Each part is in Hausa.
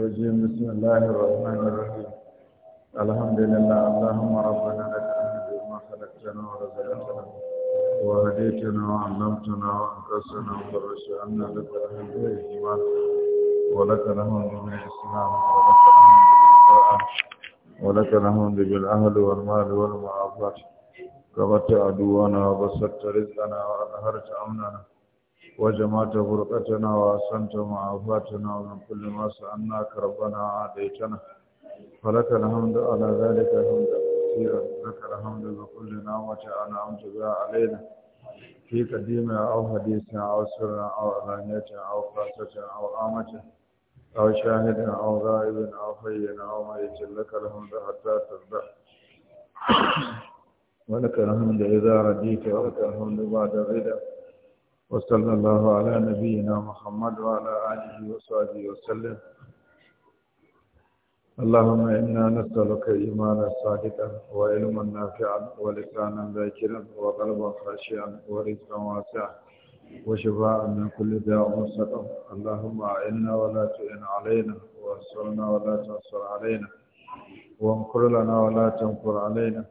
الرجيم بسم الله الرحمن الرحيم الحمد لله اللهم ربنا لك الحمد بما خلقتنا ورزقتنا وهديتنا وعلمتنا وانقذتنا وفرجتنا لك الحمد والايمان ولك الحمد بالاسلام ولك الحمد بالقران ولك الحمد بالاهل والمال والمعافاه كبرت عدونا وبسطت رزقنا واظهرت امننا وجمعت فرقتنا وأحسنت معافاتنا ومن كل ما سألناك ربنا عاديتنا فلك الحمد على ذلك الحمد كثيرا لك الحمد بكل نعمة أنعمت بها علينا في قديم أو حديث أو سر أو علانية أو خاصة أو عامة أو شاهد أو غائب أو حي أو ميت لك الحمد حتى ترضى ولك الحمد إذا رديت ولك الحمد بعد غدا وصلى الله على نبينا محمد وعلى آله وصحبه وسلم اللهم إنا نسألك إيمانا صادقا وعلما نافعا ولسانا ذاكرا وقلبا خاشعا ورزقا واسعا وشفاء من كل داء وسقم اللهم أعنا ولا تعن علينا وانصرنا ولا تنصر علينا وانكر لنا ولا تنكر علينا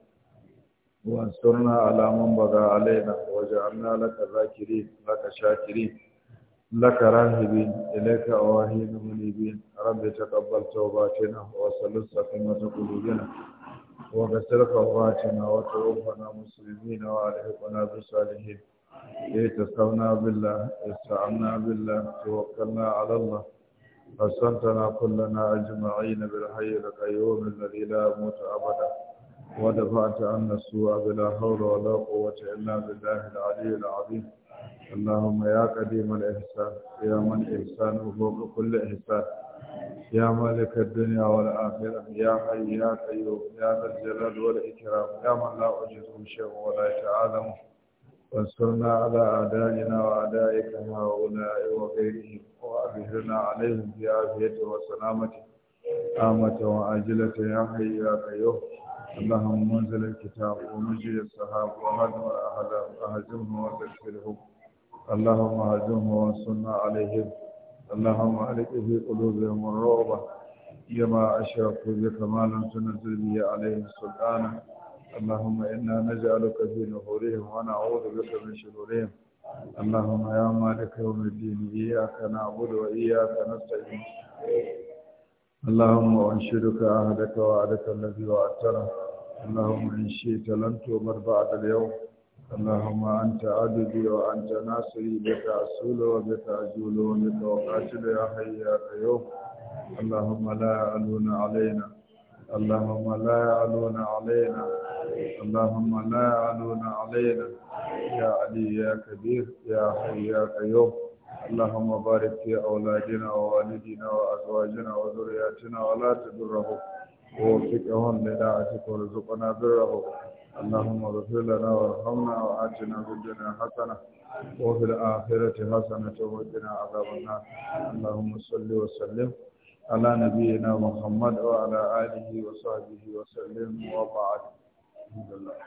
وانصرنا على من بغى علينا وجعلنا لك ذاكرين لك شاكرين لك راهبين إليك أواهين منيبين رب تقبل توباتنا وسلس سقيمة قلوبنا وغسل قواتنا وتوفنا مسلمين وألحقنا بالصالحين اتصلنا بالله استعنا بالله توكلنا على الله حسنتنا كلنا أجمعين بالحي القيوم الذي لا موت أبدا ودفعت عنا السوء بلا حول ولا قوة إلا بالله العلي العظيم اللهم يا قديم الإحسان يا من إحسانه فوق كل إحسان يا مالك الدنيا والآخرة يا حي يا قيوم يا ذا الجلال والإكرام يا من لا أجزه شيء ولا يتعالمه وانصرنا على أعدائنا وأعدائك هؤلاء وغيرهم وأبهرنا عليهم بعافيته وسلامته عامة وعاجلة يا حي يا قيوم اللهم منزل الكتاب ومجري السحاب وهدم الأحزاب أهزمه وتكفرهم اللهم هزمه وانصرنا عليهم اللهم ألك في قلوبهم الرغبة كما أشركوا بك ما لم تنزل به عليهم سلطانا اللهم إنا نجعلك في نحورهم ونعوذ بك من شرورهم اللهم يا مالك يوم الدين إياك نعبد وإياك نستعين اللهم انشدك عهدك وعدك الذي وعدتنا اللهم إن شئت لن تؤمر بعد اليوم اللهم أنت عددي وأنت ناصري بك أسول وبك أجول وبك وقاتل يا حي يا قيوم اللهم لا يعلون علينا اللهم لا يعلون علينا اللهم لا يعلون علينا يا علي يا كبير يا حي يا قيوم اللهم بارك في أولادنا ووالدنا وأزواجنا وذرياتنا ولا تضرهم ووفقهم لداعتك ورزقنا بره اللهم اغفر لنا وارحمنا وآتنا في الدنيا حسنة وفي الآخرة حسنة وقنا عذاب النار اللهم صل وسلم على نبينا محمد وعلى آله وصحبه وسلم وبعد الحمد لله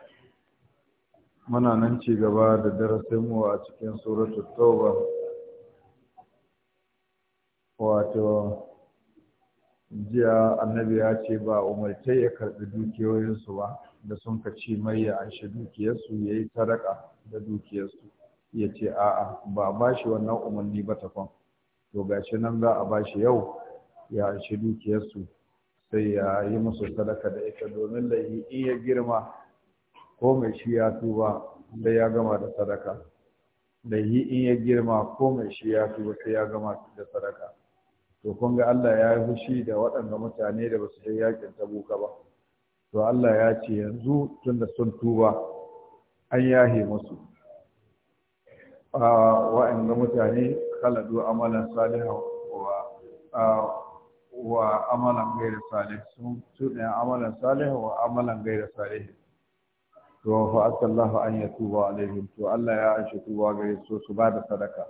muna nan ci gaba da darasinmu a cikin suratul tauba wato jiya annabi ya ce ba umarce ya karɓi dukiyoyinsu ba da sun ka ci mai ya anshi dukiyarsu ya yi sadaka da dukiyarsu ya ce a'a ba a bashi wannan umarni ba tafan to gashi nan za a bashi yau ya anshi dukiyarsu sai ya yi musu sadaka da ita domin laifi in ya girma ko mai shi ya tuba da ya gama da sadaka laifi in ya girma ko mai shi ya tuba sai ya gama da sadaka to kun ga Allah ya yi fushi da waɗanda mutane da basu je yakin tabuka ba to Allah ya ce yanzu tun da sun tuba an yahe musu a waɗanda mutane kaladu amalan salihu wa amalan gaira salih sun tuɗe amalan salih wa amalan gaira salih to fa asallahu an ya a alaihim to Allah ya anshi tuba gare su su ba da sadaka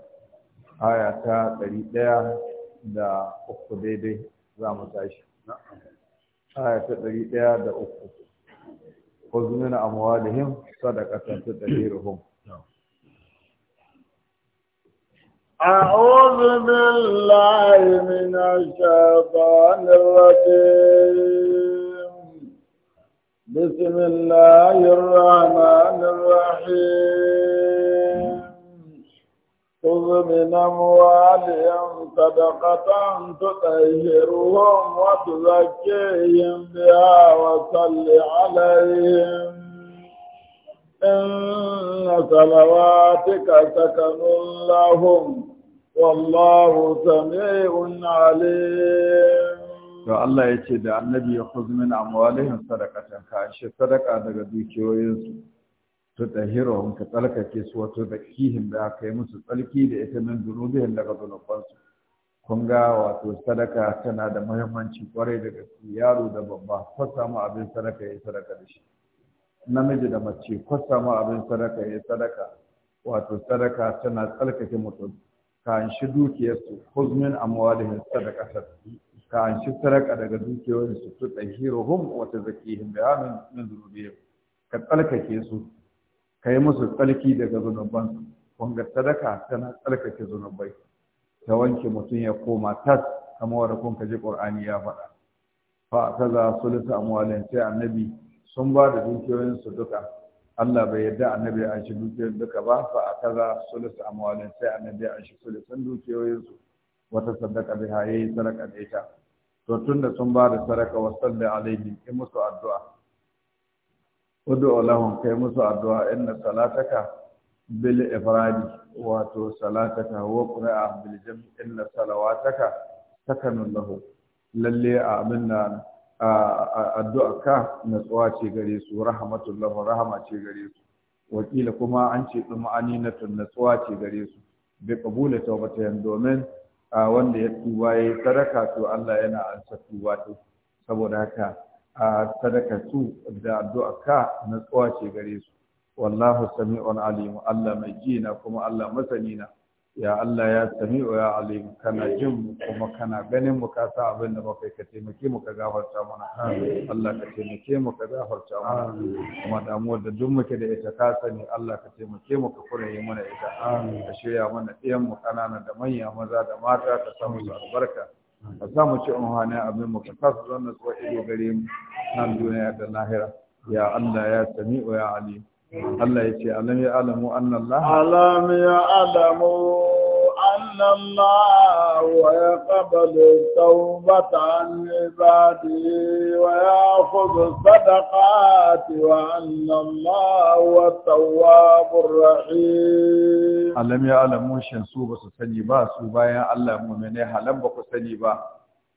aya ta 100 da uku daidai za mu tashi aya ta ɗari ɗaya da uku ko zuni na amuwa da him sadaka ta ta ɗari ruhum أعوذ بالله من الشيطان rana بسم الله الرحمن الرحيم خذ من أموالهم صدقة تطهرهم وتزكيهم بها وصل عليهم إن صلواتك سكن لهم والله سميع عليم to Allah ya ce da annabi ya khuz min amwalihim sadaka ka shi sadaka daga dukiyoyinsu to ka tsalkake su wato da kihin da aka yi musu tsalki da ita min dunubihin daga zunubansu kun ga wato sadaka tana da muhimmanci kwarai da gaske yaro da babba ko samu abin sadaka ya sadaka da shi namiji da mace ko samu abin sadaka ya sadaka wato sadaka tana tsalkake mutum ka an shi dukiyarsu huzmin sadaka sadaqatan ka an shi sadaka daga dukiyoyinsu tu tahiruhum ya tazkihim biha min dhunubihim ka tsalkake su ka yi musu tsarki daga zunubansu wanga sadaka tana tsarkake zunubai ta wanke mutum ya koma tas kama wanda kun ka ji qur'ani ya faɗa fa su lisa amwalin sai annabi sun ba da dukiyoyinsu duka Allah bai yarda annabi ya shi dukiyoyin duka ba fa ta za su lisa amwalin sai annabi ya shi sulusan dukiyoyinsu wata sadaka biha haye sadaka da ita to tunda sun ba da sadaka wa salli alaihi in musu addu'a ud'u lahum kai musu addu'a inna salataka bil ifradi wato salataka wa qira'a bil jam'i inna salawataka sakanun lahu lalle a ka ka natsuwa ce gare su lahu rahama ce gare su wakila kuma an ce dumani na natsuwa ce gare su bi qabula tawbatan domin wanda ya tuba yayi sadaka to Allah yana ansa tuba saboda haka a sadakatu da addu'a ka na tsowa ce gare su wallahu sami'un alim Allah mai ji na kuma Allah masani na ya Allah ya sami'u ya alim kana jin mu kuma kana ganin mu ka sa abin da ba kai ka taimake mu ka gafarta mana Allah ka taimake mu ka gafarta mana kuma damuwar da duk muke da ita ka sani Allah ka taimake mu ka kuraye mana ita ka shirya mana ɗiyan mu kanana da manya maza da mata ka samu albarka ka sa mu ci unhani abin mu ka sa su zanna su ido gare mu nan duniya da lahira ya Allah ya sami'u ya alim Allah ya ce alam ya alamu anna Allah alam ya alamu أن الله يقبل التوبة عن عباده ويأخذ الصدقات وأن الله هو التواب الرحيم ألم يعلم يعلموا شنسو بس سوبا يا الله مؤمنيها لم بكو سنبا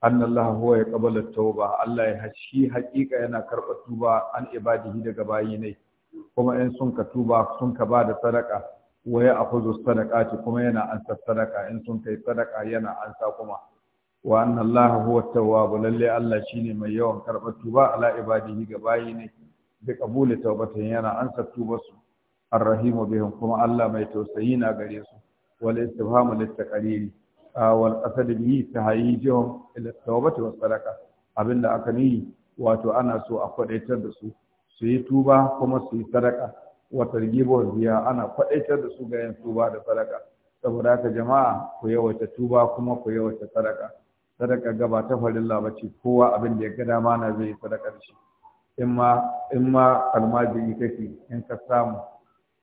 أن الله هو يقبل التوبة الله يحشي حقيقة أنا كرب التوبة عن عباده دقبائيني kuma in sun ka tuba sun ka ba da sadaka wa ya akhudhu sadaqati kuma yana ansa sadaka in sun kai sadaka yana ansa kuma wa anna allaha huwa tawwab lalle allah shine mai yawan karbar tuba ala ibadihi ga bayi ne bi qabuli tawbata yana ansa su. arrahimu bihim kuma allah mai tausayi na gare su wal istifhamu litaqriri wal qasad bihi tahayyijum ila tawbati was sadaqa abinda aka ni wato ana so a kwadaitar da su su yi tuba kuma su yi sadaka Wata targibuhum biya ana kwadaitar da su ga yin tuba da sadaka saboda haka jama'a ku yawaita tuba kuma ku yawaita sadaka sadaka gaba ta farin ce, kowa abin da ya ga dama na zai sadaka da shi in ma in ma almajiri kake in ka samu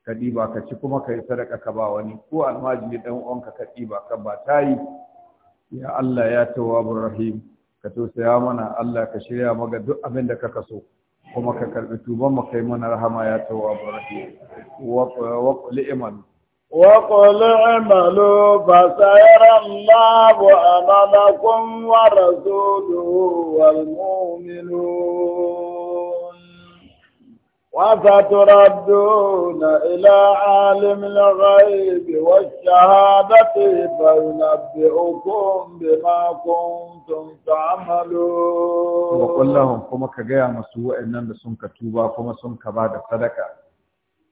ka ɗiba ka ci kuma ka yi sadaka ka ba wani ko almajiri dan uwanka ka ɗiba ka ba tayi ya Allah ya tawabur rahim ka tausaya mana Allah ka shirya maga duk abin da kaka so kuma ka karɓi tuban maka yi mana rahama ya tawo abu rafi wa kuli iman wa kuli imalu ba sayar Allah wa amalakun muminu وستردون إلى عالم الغيب والشهادة فينبئكم بما كنتم تعملون وقل لهم كما كجاء مسوء إننا سنك توبا كما سنك بعد صدقة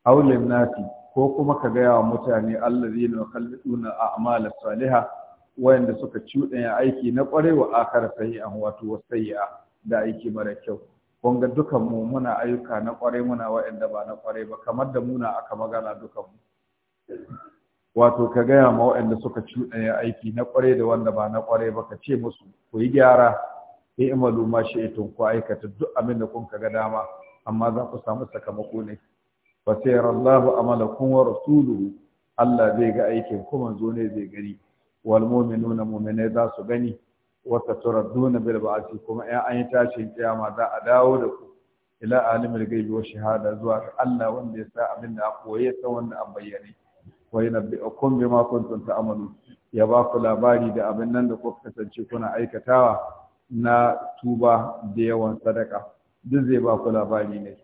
أول للناس ko kuma ka gaya wa mutane allazi na kalliduna a amalar saliha wayanda suka cuɗanya aiki na ƙwarewa akara sayi'an wato da aiki mara kyau kun ga dukan muna ayyuka na kwarai muna wa'anda ba na kwarai ba kamar da muna aka magana dukan wato ka gaya ma wa'anda suka cuɗanya eh, aiki na kwarai da wanda ba na kwarai ba ka ce musu ku yi gyara yi maluma shi shi'itun ku aikata duk abin da kun ga dama amma za ku samu sakamako ne fa sayarallahu kun wa rasuluhu Allah zai ga aikin kuma manzo ne zai gani wal mu'minuna mu'minai za su gani wata duna bil ba'ati kuma ya an yi tashin kiyama za a dawo da ku ila alimul gaibi wa shahada zuwa ga Allah wanda ya sa abin da a koye ta wanda an bayyane wa yanabbi'ukum bima kuntum ta'malun ya ba ku labari da abin nan da kuka kasance kuna aikatawa na tuba da yawan sadaka duk zai ba ku labari ne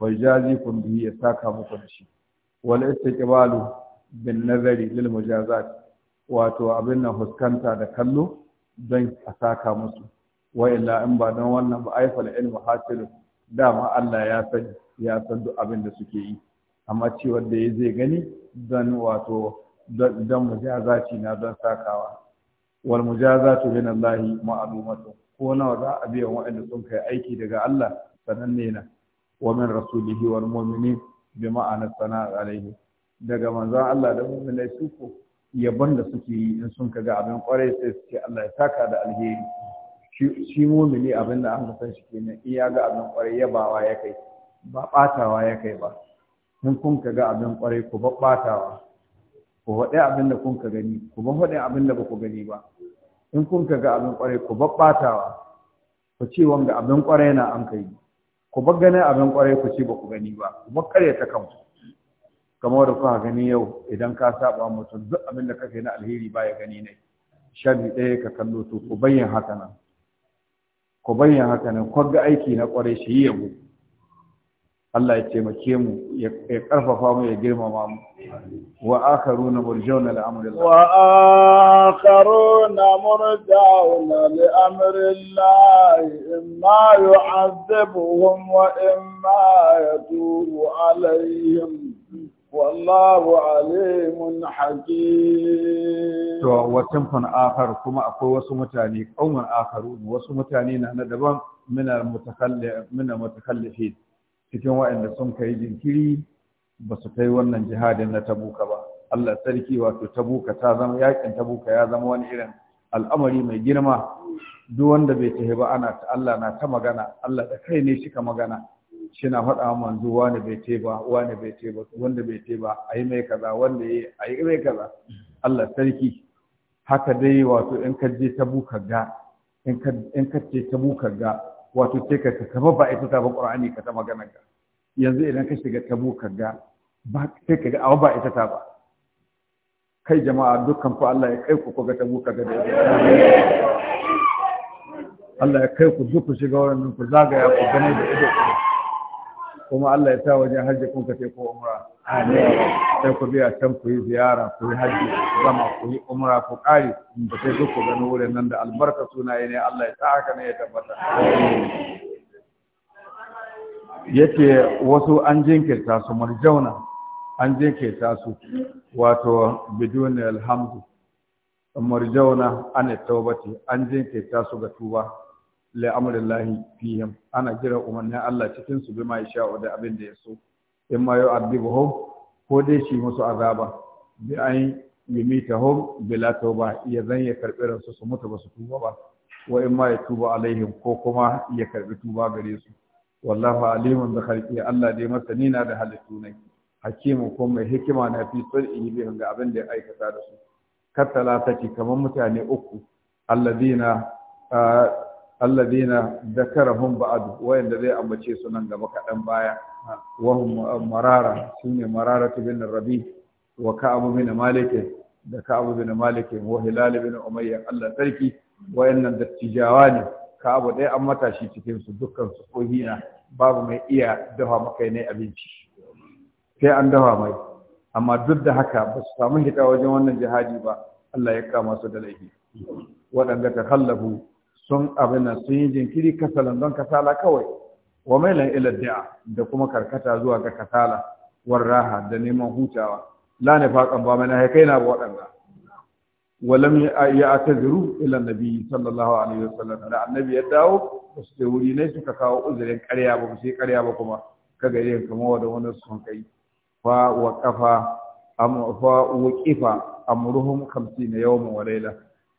wa jazikum bihi ya saka muku da shi wal istiqbalu bin nazari lil mujazat wato abin nan huskanta da kallo don a saka musu wa illa in ba don wannan ba aifal ilmu hasilu dama Allah ya san ya san duk abin da suke yi amma ciwon da ya zai gani don wato don mujazaci na don sakawa wal mujazatu min Allah ma'lumatu ko nawa za a biya waɗanda sun kai aiki daga Allah sananne na wa min rasulihi wal mu'minin bi ma'ana sana'a alaihi daga manzon Allah da mu'minai su ko yabon da suke yi in sun kaga abin kwarai sai su ce Allah ya saka da alheri shi mumini abin da an san shi kenan in ya ga abin kwarai yabawa ya kai ba batawa ya kai ba in kun kaga abin kwarai ku ba batawa ku haɗe abin da kun ka gani ku ba haɗe abin da ba ku gani ba in kun kaga abin kwarai ku ba batawa ku ce wanda abin kwarai na an kai ku ba ganin abin kwarai ku ce ba ku gani ba ku ba karya ta kanku kamar da kuka gani yau idan ka saba mutum duk abin da kake na alheri baya gani ne shabi ɗaya ka kallo to ku bayyan haka nan ku bayyan haka nan ga aiki na kwarai shi yi yabo Allah ya taimake mu ya karfafa mu ya girmama mu wa akharuna murjauna li amri Allah wa akharuna murjauna li amri Allah imma yu'adhibuhum wa imma yatubu alaihim والله عليم حكيم to wasamfan akhar kuma akwai wasu mutane kauman akharun wasu mutane na na daban muna mutakallif mina mutakallifin cikin waɗanda sun kai jinkiri ba su kai wannan jihadin na tabuka ba Allah sarki wato tabuka ta zama yakin tabuka ya zama wani irin al'amari mai girma duk wanda bai tahi ba ana ta Allah na ta magana Allah da kai ne shi ka magana suna faɗa manzo wani bai ce ba wani bai ce ba wanda bai ce ba ayi mai kaza wanda a ayi mai kaza Allah sarki haka dai wato in ka je ta buka ga in ka in ka ce ta buka ga wato sai ka ka ba ita ta ba Qur'ani ka ta magana ga yanzu idan ka shiga ta buka ga ba sai ka ga awa ba ita ta ba kai jama'a dukkan ku Allah ya kai ku ku ga ta buka ga da Allah ya kai ku duk ku shiga wannan ku zagaya ku gane da ido kuma Allah ya sa wajen hajji kun ka ko umra sai ku biya can ku yi ziyara ku yi hajji zama ku yi umra ku kare ba sai ku gano wurin nan da albarka sunaye ne Allah ya sa haka ne ya tabbata yake wasu an jinkirta su marjauna an jinkirta su wato bidun alhamdu marjauna an tawbati an jinkirta su ga tuba la'amurillahi fihim ana jira umarnin Allah cikin su bima ya da abin da ya so in ma yu'adibuhum ko dai shi musu azaba bi an yumitahum bila tauba ya zan ya karbi ransu su mutu ba su tuba ba wa in ma ya tuba alaihim ko kuma ya karbi tuba gare su wallahu alimun da khalqi Allah dai masani na da halittu ne hakimu ko mai hikima na fi sulhi bi ga abin da ya aikata da su kattala take kamar mutane uku alladina alladina dakarahum ba'd wayanda zai ambace su nan gaba kadan baya wa marara sune marara bin rabi wa ka'ab bin malik da ka'ab bin malik wa hilal bin umayya Allah sarki wayannan dattijawa ne ka'ab dai an matashi cikin su dukkan su kohina babu mai iya dafa maka ne abinci sai an dafa mai amma duk da haka ba su samu hita wajen wannan jihadi ba Allah ya kama su da laifi waɗanda ta kallafu sun abin nan sun yi jinkiri kasalan don kasala kawai wa mailan ila da kuma karkata zuwa ga kasala war raha da neman hutawa la nifaqan ba mana kai na waɗanda walam ya'taziru ila nabi sallallahu alaihi wasallam da annabi ya dawo su wuri ne suka kawo uzurin ƙarya ba sai ƙarya ba kuma kaga yin kamar da wani sun kai fa waqafa am fa waqifa amruhum 50 yawman wa layla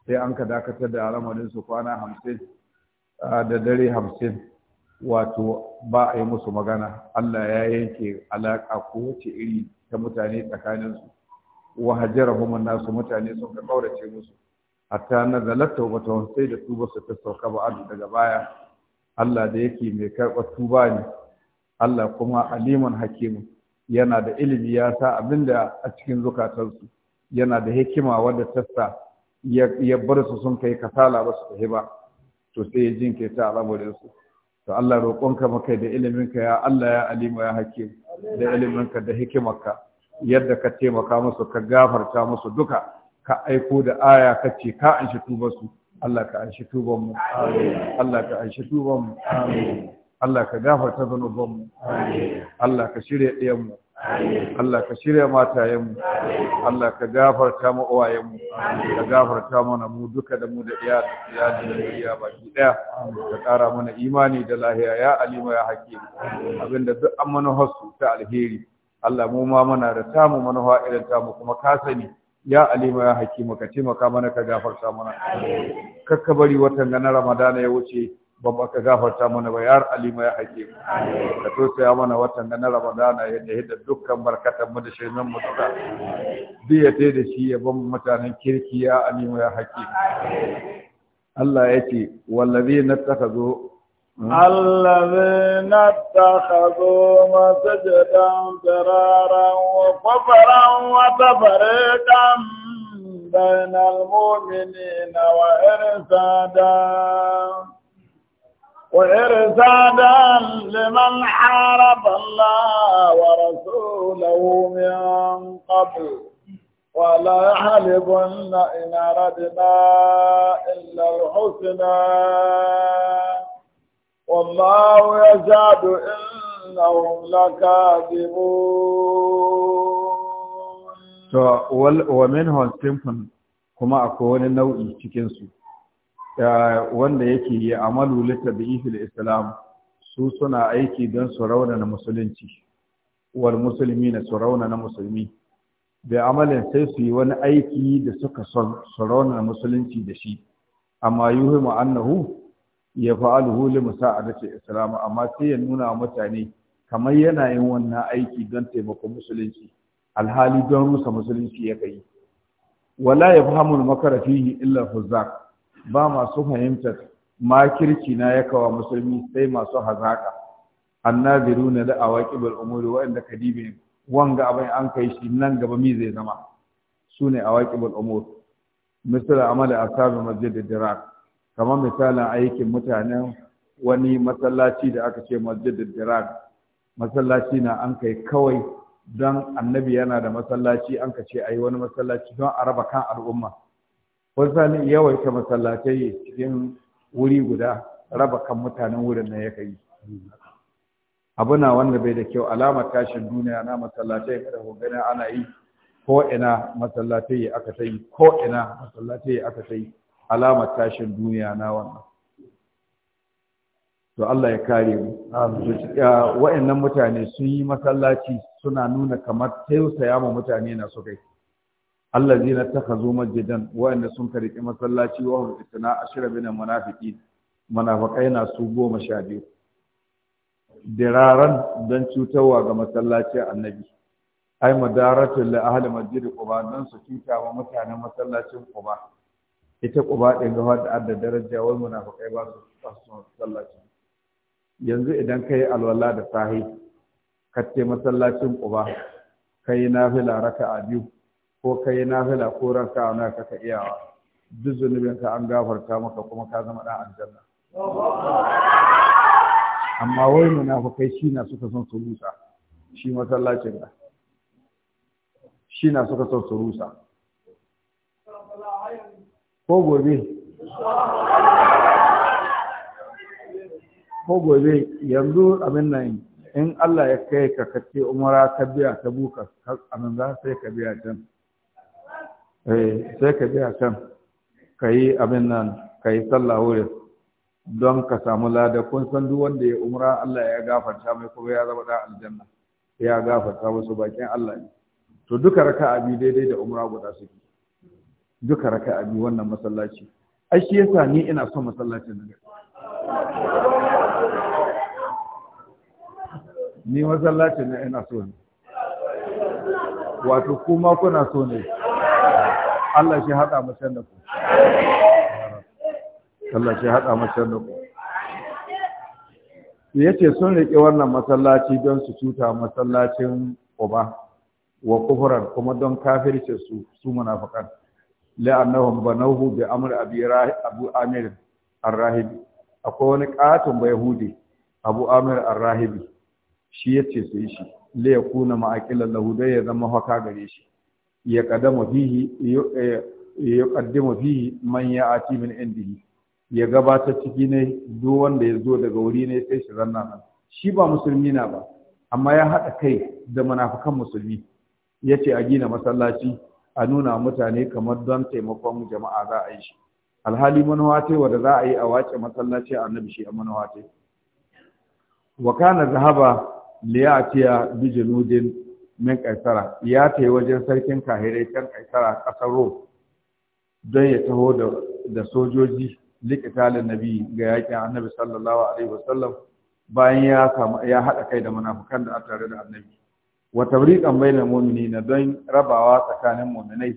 sai an ka dakatar da alamarin su kwana hamsin da dare hamsin wato ba a yi musu magana Allah ya yanke alaƙa kowace iri ta mutane tsakaninsu wa hajjarahum nasu mutane sun ka ƙaurace musu hatta nazalat tawbatuhum sai da tuba su ta sauka ba daga baya Allah da yake mai karɓar tuba ne Allah kuma aliman hakimu yana da ilimi ya sa da a cikin zukatansu yana da hikima wadda tassa ya bar su sun kai kasala ba su tafi ba to sai ya jinkirta al'amarin su to Allah roƙonka maka da iliminka ya Allah ya alimu ya hakim da iliminka da hikimarka yadda ka taimaka musu ka gafarta musu duka ka aiko da aya ka ce ka an shi tuba su Allah ka an shi tuban mu Allah ka an shi tuban mu Allah ka gafarta zanubanmu Allah ka shirya ɗayan mu Allah ka shirya matayenmu Allah ka gafarta mu uwayenmu ka gafarta mana mu duka da mu da iya da zuriya baki daya ka ƙara mana imani da lahiya ya alima ya hakim abinda duk an manuharsu ta alheri Allah mu ma muna da tamu manuwa irin tamu kuma ka sani ya alima ya hakima ka taimaka mana ka gafarta mana kakka bari watan ga na ramadana ya wuce Babba ka gafarta mana ba yar alima ya hakim ka tosaya mana watan da na ramadana yadda hidda dukkan barkatan mu da shainan mu duka duk ya da shi ya ban mutanen kirki ya alima ya hakim Allah ya ce wallazi na taka zo الذين اتخذوا مسجدا فرارا وكفرا وتفريقا بين irin وإرسادا وإرسادا لمن حارب الله ورسوله من قبل ولا يحلبن إن أردنا إلا الحسنى والله يزاد إنهم لكاذبون ومنهم سمح كما akwai wani nau'i cikinsu wanda yake yi amalu ihil islam su suna aiki don su na musulunci wal musulmi na su na musulmi da amalin sai su yi wani aiki da suka son su na musulunci da shi amma yuhimu annahu ya musa a musa'adati islam amma sai ya nuna wa mutane kamar yana yin wannan aiki don taimakon musulunci alhali don rusa musulunci ya kai wala ya fi illa fuzzak ba masu fahimtar ma kirki na ya kawa musulmi sai masu hazaka annabiru na da awaqibul umuri wa'anda kadibi wanga abin an kai shi nan gaba mi zai zama sune awaqibul umur misal amali ashabi masjid dirar kamar misalin aikin mutanen wani masallaci da aka ce masjid dirar masallaci na an kai kawai don annabi yana da masallaci an ka ce a yi wani masallaci don a raba kan al'umma kun san yawaita masallatai cikin wuri guda raba kan mutanen wurin nan ya kai abu na wanda bai da kyau alamar tashin duniya na masallatai da gani ana yi ko ina masallatai aka sai ko ina masallatai aka sai alamar tashin duniya na wannan to Allah ya kare mu wa'annan mutane sun yi masallaci suna nuna kamar tausaya ma mutane na su kai ka zo majidan wa'anda sun kariki masallaci wa hum itna ashra bin munafiqin munafiqai na su goma sha biyu diraran don cutarwa ga masallaci annabi ai madaratun li ahli masjid quba dan su cuta wa mutanen masallacin quba ita quba din ga wadda adda daraja wal munafiqai ba su su masallaci yanzu idan kai alwala da sahi ka masallacin quba kai nafila raka'a biyu ko ka yi nafila ko ranka na ka ka iyawa duk zunubinka an gafarta maka kuma ka zama ɗan aljanna amma wai munafukai shi na suka son su rusa shi masallacin da shi na suka son su rusa ko gobe ko gobe yanzu abin nan in Allah ya kai ka kace umara ka biya ta buka amin za sai ka biya can Eh, sai ka je a can ka yi abin nan ka yi sallah wurin don ka samu lada kun san duk wanda ya umra Allah ya gafarta mai kuma ya zama da aljanna ya gafarta musu bakin Allah ne to duka a biyu daidai da umra guda suke duka a biyu wannan masallaci ai shi yasa ni ina son masallacin nan ni masallacin nan ina so ne wato kuma kuna so ne Allah shi haɗa mu da ku Allah shi haɗa mu da ku yace sun riƙe wannan masallaci don su cuta masallacin Uba wa kufuran kuma don kafirce su su munafikan la'annahum banahu bi amr abi abu amir ar-rahibi akwai wani ƙaton ba yahudi abu amir ar-rahibi shi yace yi shi la ya kuna lahu dai ya zama haka gare shi ya fihi ya kaddama fihi man ya min indihi ya gabatar ciki ne duk wanda ya zo daga wuri ne sai shi ranna nan shi ba musulmi na ba amma ya haɗa kai da munafukan musulmi ya ce a gina masallaci a nuna mutane kamar don taimakon jama'a za a yi shi alhali manawa ce wanda za a yi a wace masallaci annabi shi a manawa wa kana zahaba liyatiya bi min kaisara ya ta yi wajen sarkin kahirai can kaisara ƙasar rom don ya taho da sojoji likitalin nabi ga yakin annabi sallallahu alaihi wasallam bayan ya haɗa kai da munafukan da tare da annabi wa tabriqan bainal na don rabawa tsakanin mu'minai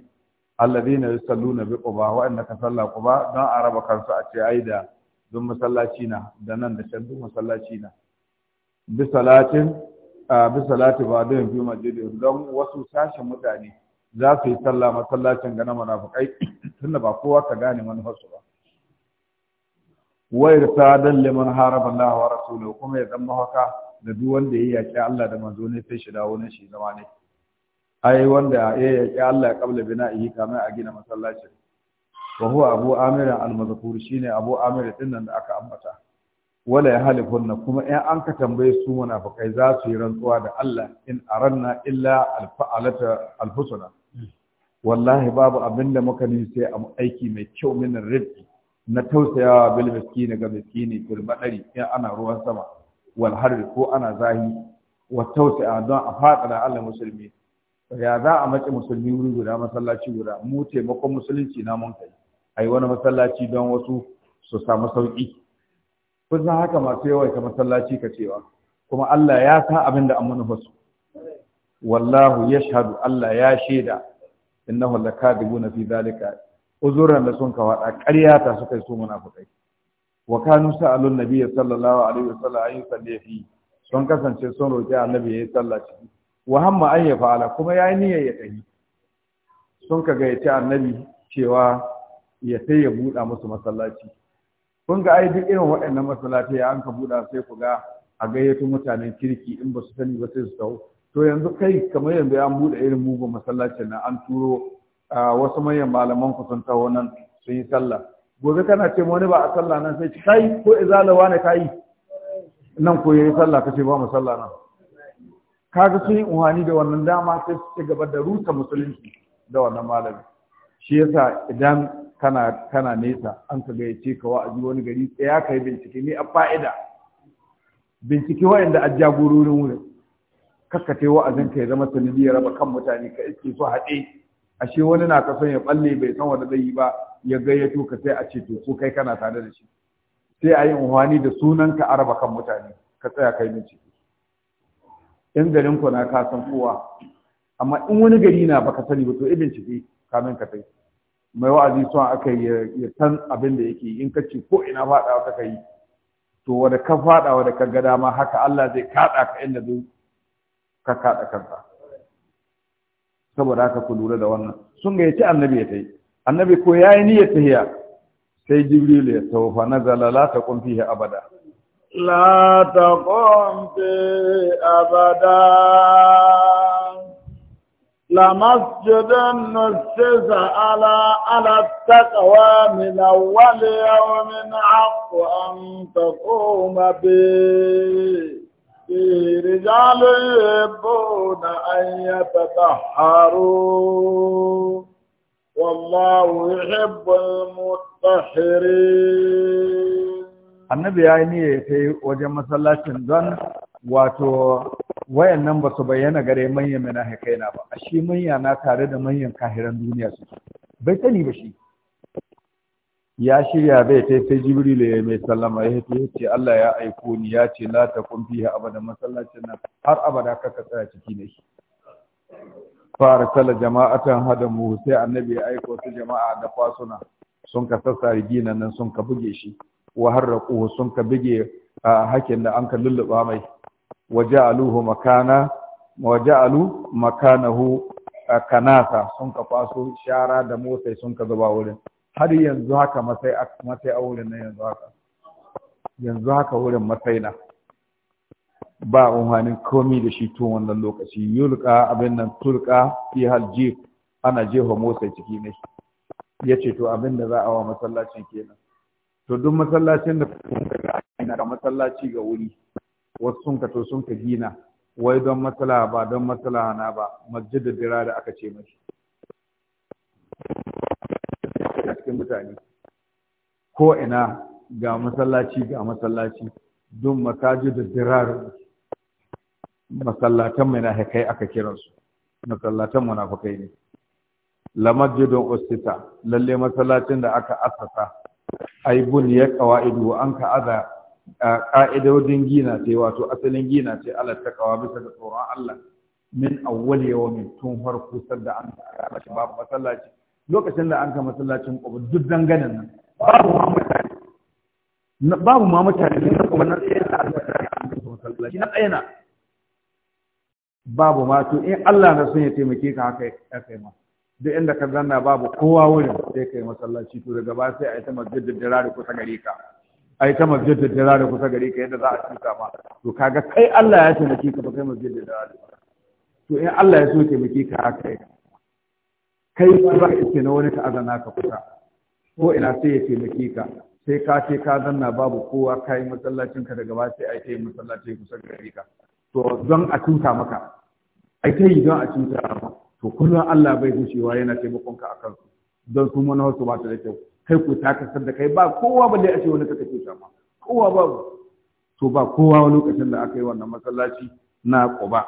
alladhina yusalluna bi quba wa ka salla quba don a raba kansu a ce ai da don masallaci na da nan da can duk masallaci na bi salatin bi salati ba da fi majidi don wasu sashen mutane za su yi sallah masallacin ga na munafikai tunda ba kowa ka gane manufarsu ba Wai ta dalle haraba Allah wa rasuluhu kuma ya zama haka da duk wanda ya yaki Allah da manzo ne sai shi dawo ne shi zama ne ai wanda ya yaki Allah ya kabla bina'ihi kamar a gina masallacin wa huwa abu amir al-mazkur shine abu amir din da aka ambata wala ya halifunna kuma in an ka tambaye su munafikai za su yi rantsuwa da Allah in aranna illa alfa'alata alfusuna? wallahi babu abin da muka ni sai aiki mai kyau min rizqi na tausayawa bil miskini ga miskini fil madari in ana ruwan sama wal harri ko ana zahi wa tausaya don a fada da Allah musulmi ya za a mace musulmi wuri guda masallaci guda mu taimakon musulunci na mun kai ai wani masallaci don wasu su samu sauki kun haka masu yawanka masallaci ka cewa kuma Allah ya san abin da an manufarsu wallahu ya shahadu Allah ya shaida Inna innahu lakadibuna fi zalika uzuran da sun kawada ƙarya ta suka yi su munafikai wa kanu sa'alun nabiy sallallahu alaihi wasallam ayi salli fi sun kasance sun roki annabi ya yi sallaci. wa hamma an fa'ala kuma yayi niyya ya kai sun kaga ya ce annabi cewa ya sai ya buɗa musu masallaci kun ga ai duk irin waɗannan masalatai an ka buɗa sai ku ga a gayyato mutanen kirki in ba su sani ba sai su taho to yanzu kai kamar yanzu an buɗe irin mugun masallacin nan an turo wasu manyan malaman ku sun taho nan su yi sallah gobe kana ce wani ba a sallah nan sai kai ko izalawa ne yi? nan ko yayi sallah kace ba mu sallah nan kaga sun yi umarni da wannan dama sai su ci gaba da rusa musulunci da wannan malami shi yasa idan kana kana nesa an ka ga yace ka wa'azi wani gari tsaya kai bincike ni a fa'ida bincike wa'anda a jagororin wurin kakkace wa'azin ka ya zama sanadiyar raba kan mutane ka iske su haɗe ashe wani na kasan ya balle bai san wanda zai yi ba ya gayyato ka sai a ce to ko kai kana tare da shi sai a yi unhwani da sunan ka a raba kan mutane ka tsaya kai bincike in garin ku na ka san kowa amma in wani gari na baka sani ba to ibin ciki kamin ka kai mai wa'azi su aka yi ya san abin da yake in ka ce ko ina faɗawa kaka yi to wanda ka faɗawa da ka ga dama haka Allah zai kaɗa ka inda zai ka kaɗa kanka saboda haka ku lura da wannan sun ga yace annabi ya tai annabi ko yayi niyyar tahiya sai jibril ya tawo fa nazala la taqum fihi abada la taqum fi abada لمسجد نسس على على التقوى من أول يوم حق أن تقوم به رجال يحبون أن يتطهروا والله يحب المطهرين النبي عيني في وجه مسلسل wato wayan nan ba su bayyana gare manyan mana na ba a shi manya na tare da manyan kahiran duniya su bai sani ba shi ya shirya bai ta sai jibril ya mai sallama ya ce ce Allah ya aiko ni ya ce la ta kun fiha abada masallacin nan har abada ka ka tsaya ciki ne shi fara sala jama'atan mu sai annabi ya aiko su jama'a da fasuna sun ka sassare ginan nan sun ka buge shi wa harraku sun ka buge ah, hakin da an ka lulluba mai waja'aluhu makana waja'alu makanahu kanasa sun ka faso shara da motsa sun ka zuba wurin har yanzu haka masai masai a wurin na yanzu haka yanzu haka wurin masai na ba unhanin komi da shi tun wannan lokaci yulka abin nan tulka fi hal jif ana jefa motsa ciki ne ya ce to abin da za a wa masallacin kenan to duk masallacin da kuma ga masallaci ga wuri wasu sun ka to sun ka gina wai don matsala ba don matsala na ba masjid dira da aka ce mashi a cikin mutane ko ina ga masallaci ga masallaci don masajid dirar masallatan mai na haikai aka kiransu masallatan munafukai ne lamajidun ustita lalle masallacin da aka asasa ai bun ya ido an ka aza Ka'idodin gina ce wato asalin gina ce Allah ta kawo bisa ga tsoron Allah min awwal yawmin tun farko da an ka babu masallaci lokacin da an ka masallacin ƙoba duk dangane nan babu ma mutane babu ma mutane ne kuma na sai na an ka masallaci na tsaye babu ma to in Allah na sun ya taimake ka haka ya kai ma duk inda ka zanna babu kowa wurin sai kai masallaci to daga ba sai a yi ta masjid da dirari kusa gare ka ai ta masjid da jira da kusa gari ka yadda za a cuta ma to kaga kai Allah ya taimake ka ba kai masjid da jira da to in Allah ya so taimake ka haka kai ba ka iske na wani azana ka kusa ko ina sai ya taimake ka sai ka ce ka zanna babu kowa ka yi masallacin ka daga ba sai ai yi masallaci kusa gari ka to don a cuta maka ai kai don a cuta maka to kullum Allah bai gushewa yana taimakon ka akan su don su mana wasu ba ta da kyau kai ku ta kasar da kai ba kowa ba dai a ce wani ka kace ma kowa ba to ba kowa lokacin da aka yi wannan masallaci na ƙuba.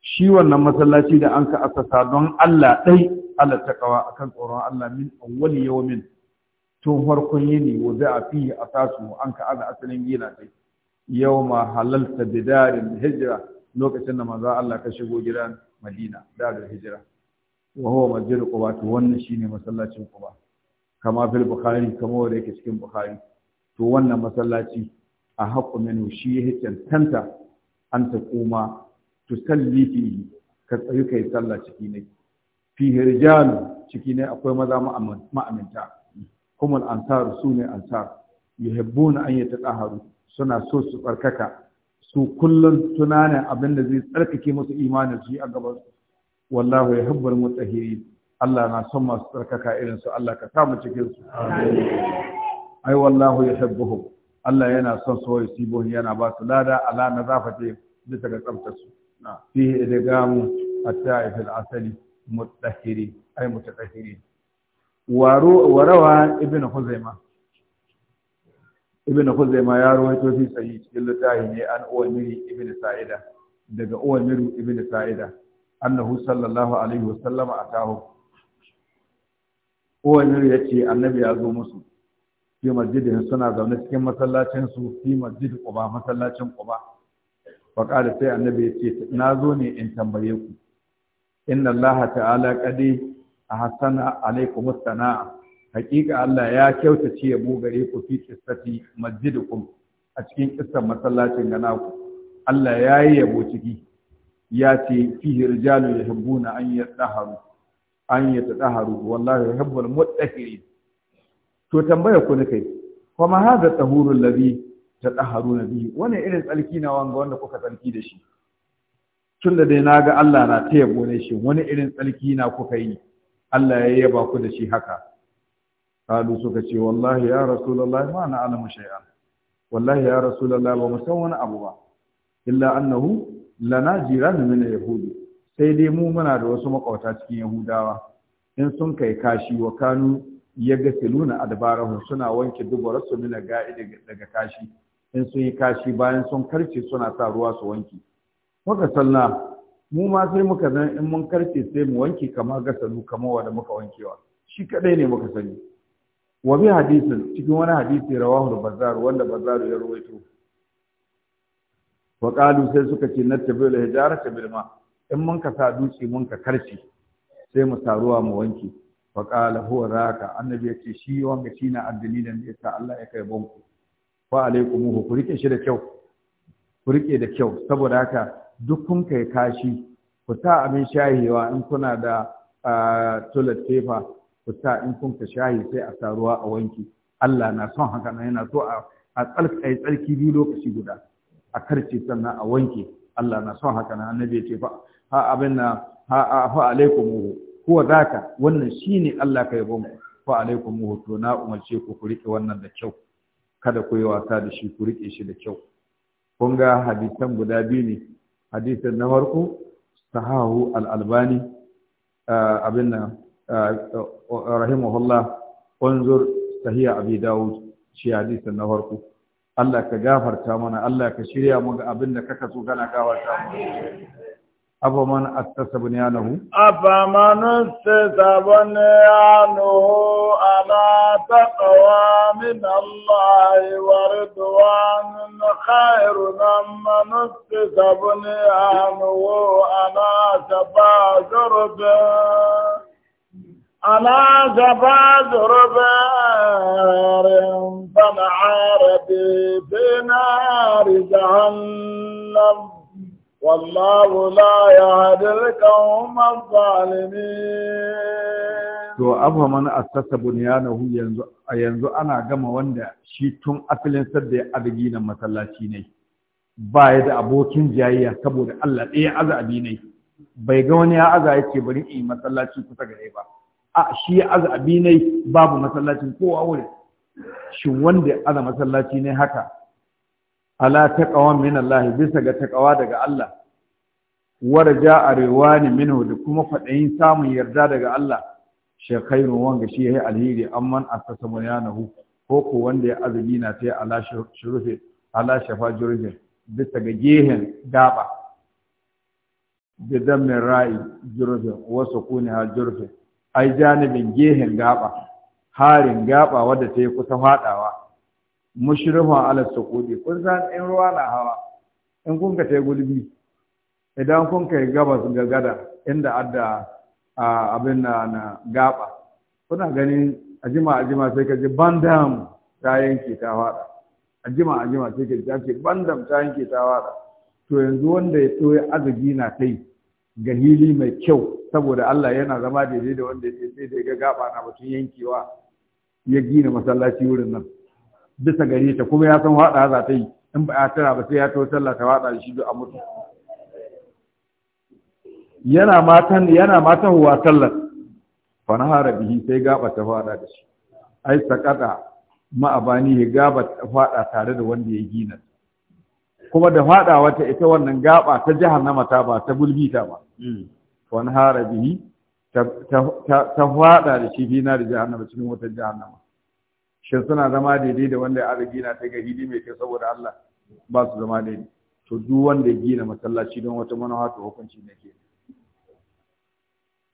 shi wannan masallaci da an ka asasa don Allah dai Allah a akan tsoron Allah min awwali yawmin tun farkon yini wanda a fiye a tasu an ka aza asalin gina kai yau ma halalta bidarin hijira lokacin da manzo Allah ka shigo gidan Madina da hijira wa huwa masjid Quba to wannan shine masallacin Quba kama fil bukhari kama wanda yake cikin bukhari to wannan masallaci a haƙu minu shi ya cancanta an ta kuma tu salli fihi ka tsayu kai sallah ciki ne fi hirjan ciki ne akwai maza ma'aminta kuma ansar su ne ansar yuhibbuna an yatadaharu suna so su tsarkaka su kullum tunanin abin da zai tsarkake musu imanin su a gaban wallahu yuhibbul mutahhirin Allah na son masu tsarkaka irin su Allah ka samu cikin su ai wallahu yuhibbuhum Allah yana son su wai sibohi yana ba su lada ala zafate bisa ga tsabtar su na da gamu hatta fil asali mutahiri ai mutatahhiri warawa ibn huzaima ibn huzaima ya rawaito fi sai cikin littafi ne an uwaimiri ibn sa'ida daga uwaimiru ibn sa'ida annahu sallallahu alaihi wasallama atahu kowane ya ce annabi ya zo musu fi masjidin suna zaune cikin masallacinsu fi masjid quba masallacin quba fa da sai annabi ya ce na zo ne in tambaye ku inna allaha ta'ala qadi ahsana alaikum sanaa hakika Allah ya kyauta kyautace ya bugare ku fi qissati masjidikum a cikin kisan masallacin ga ku. Allah ya yi yabo ciki ya ce fi rijalun yuhibbuna an yadaharu an yi tadaharu wallahi yuhibbul mutahhirin to tambaya ku nake kuma hadha tahuru alladhi tadaharuna nabi wani irin tsalki na wanga wanda kuka tsalki da shi tun da dai naga Allah na ta yabo ne shi wani irin tsalki na kuka yi Allah ya yaba ku da shi haka kalu suka ce wallahi ya rasulullahi ma na alamu shay'an wallahi ya rasulullahi ba mu san wani abu ba illa annahu lana jiran min yahudi sai dai mu muna da wasu makwata cikin yahudawa in sun kai kashi wa kanu ya ga siluna adabarahu suna wanke dubara su nuna ga'i daga kashi in sun yi kashi bayan sun karce suna sa ruwa su wanke muka salla mu ma sai muka zan in mun karce sai mu wanke kamar gasalu kamar wanda muka wankewa shi kadai ne muka sani wa bi hadisin cikin wani hadisi rawahu bazar wanda bazar ya rawaito wa qalu sai suka ce nattabi'ul hijarata bil ma' in mun ka sa dutse mun ka karce sai mu taruwa mu wanke fa qala huwa zaka annabi yace shi wanda shi addini dan da yasa Allah ya kai banku fa alaikumuhu ku rike shi da kyau ku rike da kyau saboda haka duk kun kai kashi ku sa abin shayewa in kuna da toilet paper ku sa in kun ka shahi sai a sa ruwa a wanki Allah na son haka nan yana so a tsalkai tsarki biyu lokaci guda a karce sannan a wanke Allah na son haka nan annabi ya ce fa ha abin na ha fa alaikum ko zaka wannan shine Allah ka yabo mu fa alaikum hu to na umarce ku ku rike wannan da kyau kada ku yi wasa da shi ku rike shi da kyau kun ga hadisan guda biyu ne hadisan na farko sahahu al-albani ah, abin nan ah, rahimahullah wanzur sahiya abi daud shi hadisan na farko Allah ka gafarta mana Allah ka shirya mu ga abin da kaka so kana gafarta mana أفمن أسس بنيانه أفمن أسس بنيانه على تقوى من الله ورضوان خير من أسس بنيانه على شفا جرب على شفا جرب فنعار في نار جهنم wallahu la yahdi al-qawma adh to afa man assasa bunyanahu yanzu a yanzu ana gama wanda shi tun asalin sadda ya adagi nan masallaci ne ba ya da abokin jayayya saboda Allah ɗaya azabi ne bai ga wani ya aza yake bari in masallaci kusa gare ba a shi ya azabi ne babu masallacin kowa wurin shin wanda ana masallaci ne haka ala taqawan min Allah bisa ga taqawa daga Allah warja arwani minhu da kuma fadayin samun yarda daga Allah shekhairu wanga shi yayi alheri amman asasa yanahu ko ko wanda ya azumi na sai ala shurufi ala shafa jurjin bisa ga gehen gaba bidan mai ra'i jurfin wasu kuni ha jurfin ai janibin gehen gaba harin gaba wadda ta yi kusa fadawa mushrifan ala sukudi kun san in ruwa na hawa in kun ka tai gulbi idan kun kai gabas ga gada inda adda abin na na gaba kuna ganin ajima ajima sai ka ji bandam ta yanke ta fada ajima ajima sai ka ji ta ce bandam ta yanke ta fada to yanzu wanda ya toye ya na kai gahili mai kyau saboda Allah yana zama daidai da wanda ya sai da ga gaba na mutum yankewa ya gina masallaci wurin nan bisa gare ta kuma ya san wada za ta yi in ba a tara ba sai ya to sallah ta wada shi duk a mutu yana matan yana matan huwa sallar fa nahara bihi sai gaba ta waɗa da shi ai sakata ma'abani ya gaba ta waɗa tare da wanda ya gina kuma da fada wata ita wannan gaba ta jahannama ta ba ta gulbi ta ba Wani mm. hara bihi ta fada da shi fina da jahannama cikin wata jahannama shin suna zama daidai da wanda ya gina ta ga hidi mai kyau saboda Allah ba su zama daidai to duk wanda ya gina masallaci don wata manufa to hukunci ne ke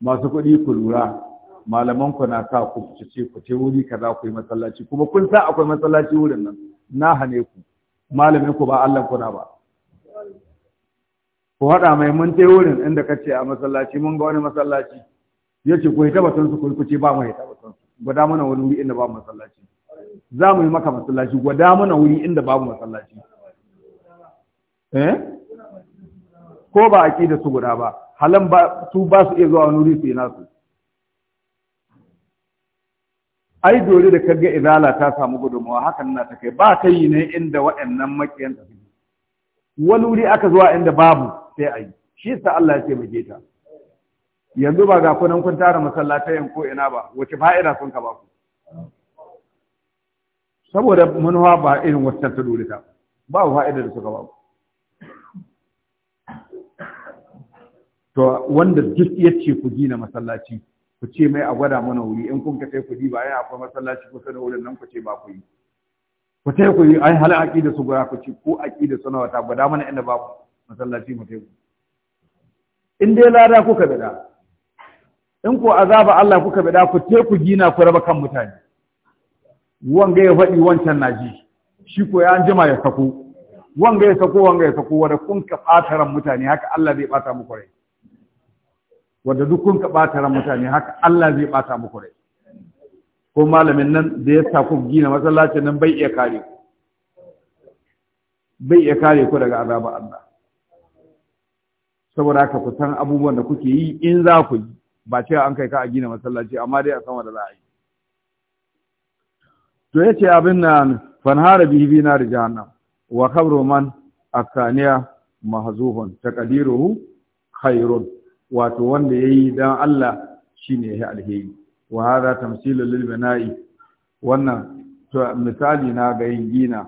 masu kuɗi ku lura malaman ku na sa ku ce ku ce wuri kaza ku yi masallaci kuma kun sa akwai masallaci wurin nan na hane ku malamin ku ba Allah kuna ba ku haɗa mai mun te wurin inda kace a masallaci mun ga wani masallaci yace ku yi tabbatun su ku yi ba mu yi su guda mana wani wuri inda ba masallaci za mu yi maka masallaci gwada mana wuri inda babu masallaci eh ko ba a ƙi da su guda ba halan ba su ba su iya zuwa wani su yi nasu ai dole da kaga izala ta samu gudunmawa hakan na ta kai ba ta yi ne inda waɗannan makiyan ta wani wuri aka zuwa inda babu sai a yi shi sa Allah ya ce mu ta yanzu ba ga kunan kun tara masallatai ko ina ba wace fa'ida sun ka ba ku saboda manuwa ba irin wancan ta dole ta ba fa'ida da suka ba to wanda duk yace ku gina masallaci ku ce mai a gwada mana wuri in kun ka sai ku ba ai akwai masallaci kusa da wurin nan ku ce ba ku yi ku ce ku yi ai hal aqida su gura ku ce ko aqida suna wata gwada mana inda ba masallaci mu sai ku in dai lada kuka bida in ko azaba Allah kuka bida ku ce ku gina ku raba kan mutane wanga ya faɗi wancan na ji shi ko ya jima ya sako wanga ya sako wanga ya sako wanda kun ka ɓata ran mutane haka Allah zai ɓata muku rai wanda duk kun ka ɓata ran mutane haka Allah zai ɓata muku rai ko malamin nan da ya sako gina masallaci nan bai iya kare ku bai iya kare ku daga azaba Allah saboda haka ku san abubuwan da kuke yi in za ku yi ba cewa an kai ka a gina masallaci amma dai a san da za a yi to yace abin nan fanhara bihi bi na jahannam wa khabru man akaniya mahzufun taqdiruhu khairun wato wanda yayi dan Allah shine ya alheri wa hada tamsilul lil bina'i wannan to misali na ga yin gina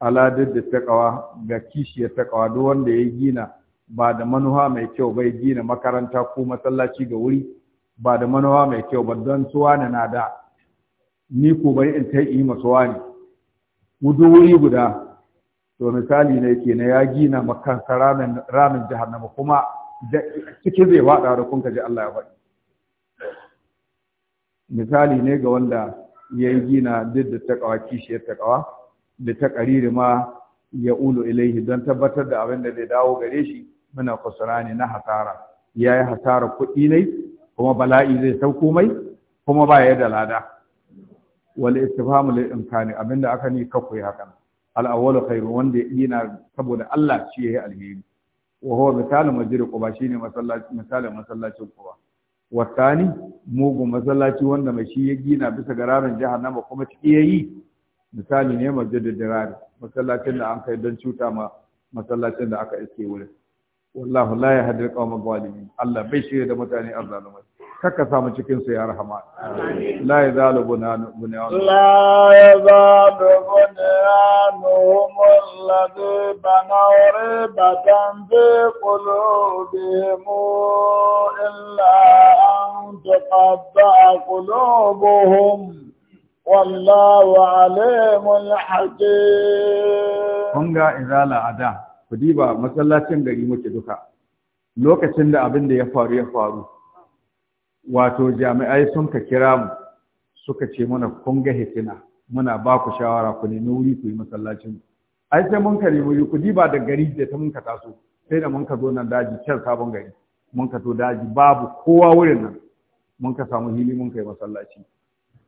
ala da takawa ga kishiyar takawa duk wanda yayi gina ba da manuha mai kyau bai gina makaranta ko masallaci ga wuri ba da manuha mai kyau ba don suwa na da ni ko bari in ta yi masuwa ne wuri guda to misali ne ke na ya gina makansa ramin ramin jahannama kuma cikin zai wada da kun ji Allah ya faɗi misali ne ga wanda ya gina duk da takawa kishiyar takawa da ta kariri ma ya ulu ilaihi don tabbatar da abin da zai dawo gare shi muna kusura ne na hasara ya yi hasara kuɗi ne kuma bala'i zai sauko mai kuma ba ya da lada wal istifhamu lil imkani abinda aka ni ka koyi hakan al awwalu khairu wanda yana saboda Allah shi yayi alheri wa huwa misalu masjid quba shine masallaci misalin masallacin quba wa tani mugu masallaci wanda mai shi ya gina bisa gararin jahannama kuma ciki yayi misali ne masjid dirari masallacin da an kai don cuta ma masallacin da aka iske wurin wallahu la yahdi al-qawma zalimin Allah bai shirya da mutane azzalumai kaka samu cikin su ya rahama la ya zalu bunanu bunanu la ya zalu bunanu alladhi banawri batan bi qulubihim illa an tuqatta qulubuhum wallahu alimul hakim kun izala ada ku masallacin gari muke duka lokacin da abin da ya faru ya faru wato jami'ai sun ka kira mu suka ce mana kun ga hikina muna ba ku shawara ku nemi wuri ku yi masallacin ai sai mun ka nemi ku diba da gari da ta mun ka taso sai da mun ka zo nan daji can sabon gari mun ka to daji babu kowa wurin nan mun ka samu hili mun ka yi masallaci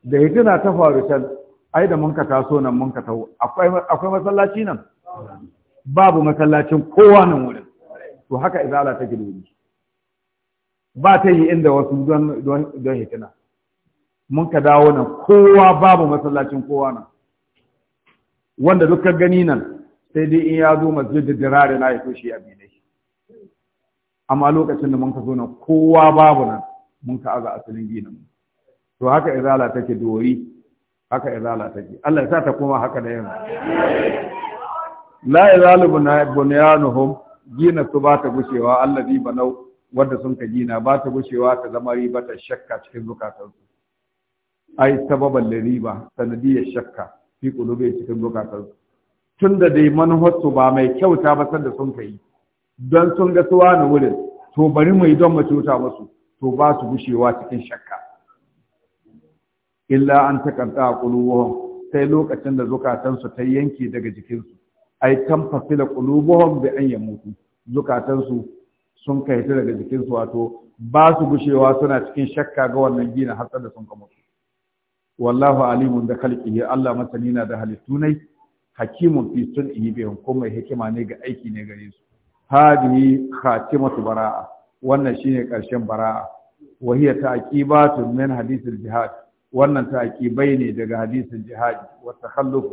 da hikina ta faru can ai da mun ka taso nan mun ka taho akwai akwai masallaci nan babu masallacin kowa nan wurin to haka izala ta da wuri ba ta yi inda wasu don hitina mun ka dawo nan kowa babu masallacin kowa nan wanda dukkan gani nan sai dai in ya zo masjid dirare na ya toshe shi amma lokacin da mun ka zo nan kowa babu nan mun ka aza asalin ginin to haka izala take dori haka izala take Allah ya sa ta koma haka da yanzu la izalu bunyanuhum gina su ba ta gushewa allazi banau wadda sun ka gina ba ta gushewa ta zama riba ta shakka cikin zukatansu ai sababan da riba sanadiyar shakka fi kulube cikin zukatansu tun da dai manufarsu ba mai kyauta ba sanda sun ka yi don sun ga suwa na wurin to bari mai don mace wuta musu to ba su gushewa cikin shakka illa an takanta a kulubuhun sai lokacin da zukatansu ta yanke daga jikinsu ai tamfafila kulubuhun bi an yamutu zukatansu sun kai ta daga jikinsu wato ba su gushewa suna cikin shakka ga wannan gina har da sun kama su wallahu alimun da khalqihi Allah masani na da halittu ne hakimun fi sun'ihi bihim kuma mai hikima ne ga aiki ne gare su hadihi khatimatu bara'a wannan shine karshen bara'a wa hiya ta'qibatun min hadithil jihad wannan ta'qibai ne daga hadisin jihadi wa takhalluf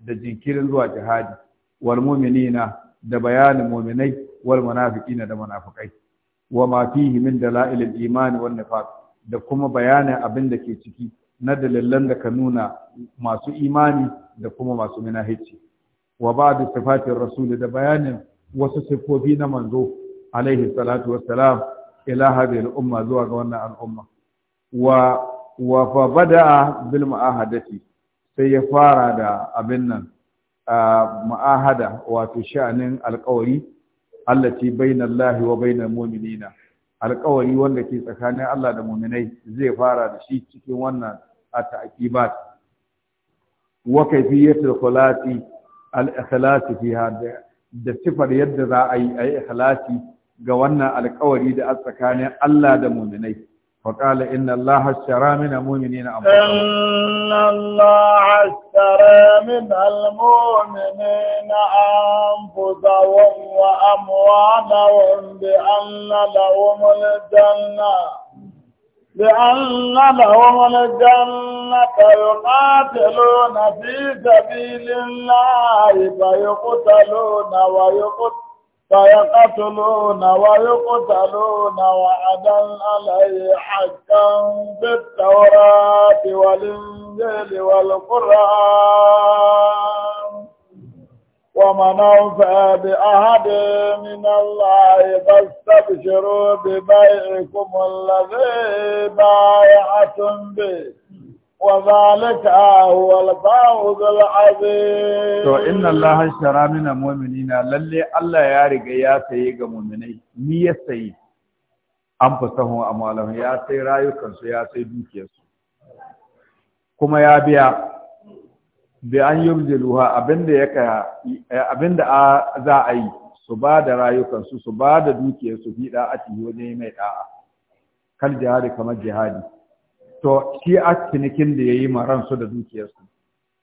da jinkirin zuwa jihadi wal mu'minina da bayanin mu'minai wal munafiqina da munafiqai wa ma fihi min dalail al iman wan nifaq da kuma bayanin abin da ke ciki na dalilan da ka nuna masu imani da kuma masu minahici wa ba'd sifatir rasul da bayanin wasu sifofi na manzo alaihi salatu wassalam ila hadhihi al umma zuwa ga wannan al umma wa wa fa bada'a bil mu'ahadati sai ya fara da abin nan ma'ahada wato sha'anin alƙawari allati bainallahi wa bainal mu'minina alƙawari wanda ke tsakanin Allah da mu'minai zai fara da shi cikin wannan at-ta'qibat wa kayfiyatul khulati al fi fiha da sifar yadda za a yi a yi ikhlasi ga wannan alƙawari da a tsakanin Allah da mu'minai فقال إن الله اشترى من المؤمنين أنفسهم إن الله اشترى من المؤمنين أنفسهم وعدهم بأن لهم الجنة بأن لهم الجنة يقاتلون في سبيل الله فيقتلون ويقتلون فيقتلون ويقتلون وعدا عليه حقا في التوراة والإنجيل والقرآن ومن أوفى بأحد من الله فاستبشروا ببيعكم الذي بايعتم به وذلك هو الفوز العظيم to inna Allah shara min mu'minina lalle Allah ya riga ya sayi ga mu'minai ni ya sayi an fasahu amalan ya sai rayukansu ya sai dukiyarsu kuma ya biya bi an yi abinda yaka abinda za a yi su ba da rayukansu su ba da dukiyarsu fi ci wajen mai da'a kal jihadi kamar jihadi to shi a cinikin da yayi maransu da dukiyarsu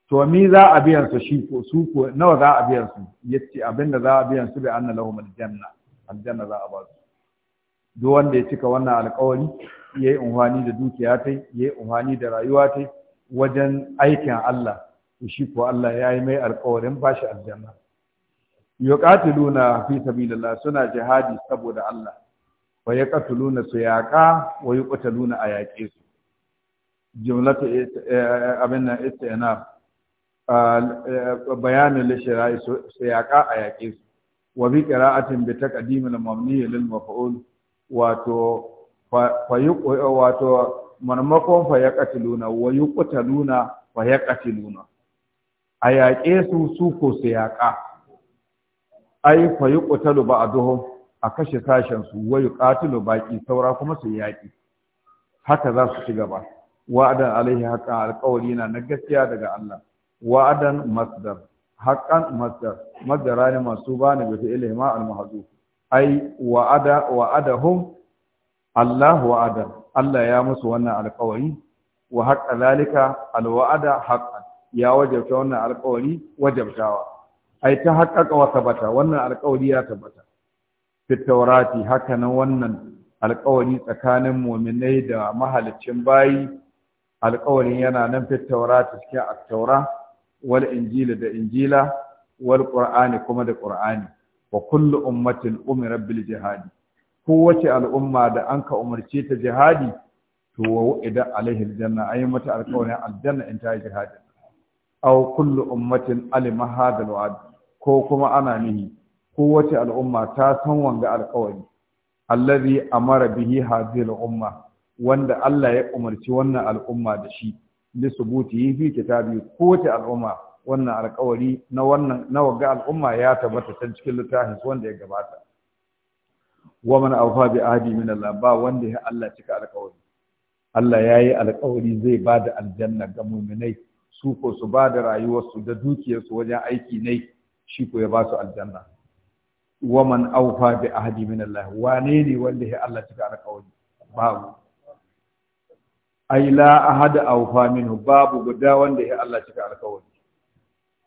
to mi za a biyan su shi ko su ko nawa za a biyan su yace abinda za a biyan su bi anna lahum aljanna aljanna za a ba su duk wanda ya cika wannan alƙawari yayi unhani da dukiya tai yayi unhani da rayuwa tai wajen aikin Allah shi ko Allah ya yi mai alkawarin ba shi aljanna yuqatiluna fi sabilillah suna jihadi saboda Allah wa luna su yaqa wa luna a yaƙe su jumlatu eh, abin nan yana eh, bayanin lishira su yaqa a yaƙe su wa bi qira'atin bi taqdimil mamni lil maf'ul wato fa wato marmakon fa yaqtuluna wa luna. fa yaqtiluna a yaƙe su su ko su yaƙa ai fa yuqtalu ba a a kashe sashen su wa ƙatilu baƙi saura kuma su yaƙi haka za su ci gaba wa'adan alaihi haƙa alƙawari na na gaskiya daga Allah wa'adan masdar haƙan masdar masdara ne masu bani ni fi'li ilima al mahzuf ai wa'ada wa'adahum Allah wa'ada Allah ya musu wannan alƙawari wa haƙa zalika al wa'ada ya wajabta wannan alƙawari wajabtawa ai ta haƙaƙa wa tabbata wannan alƙawari ya tabbata fi haka nan wannan alƙawari tsakanin muminai da mahalicin bayi alƙawarin yana nan fi cikin aktaura taura wal injila da injila wal qur'ani kuma da qur'ani wa kullu ummatin umira bil jihadi kowace al'umma da an ka umarce ta jihadi to wa idan alaihi aljanna ayi mata alƙawarin aljanna in ta yi aw kullu ummatin alima hadha alwa'd ko kuma ana nihi kowace al'umma ta san wanga alƙawari allazi amara bihi hadhihi al'umma wanda Allah ya umarci wannan al'umma da shi li subutihi fi kitabi kowace al'umma wannan alƙawari na wannan na al'umma ya tabbata ta cikin littafin wanda ya gabata wa man awfa bi ahdi min Allah ba wanda ya Allah cika alƙawari Allah ya yi alƙawari zai ba da aljanna ga muminai su ko su ba da rayuwarsu da dukiyarsu wajen aiki ne shi ko ya ba su aljanna wa man awfa bi ahdi min Allah wane ne wanda ya Allah cika alƙawari babu ai la ahad awfa minhu babu guda wanda ya Allah cika alƙawari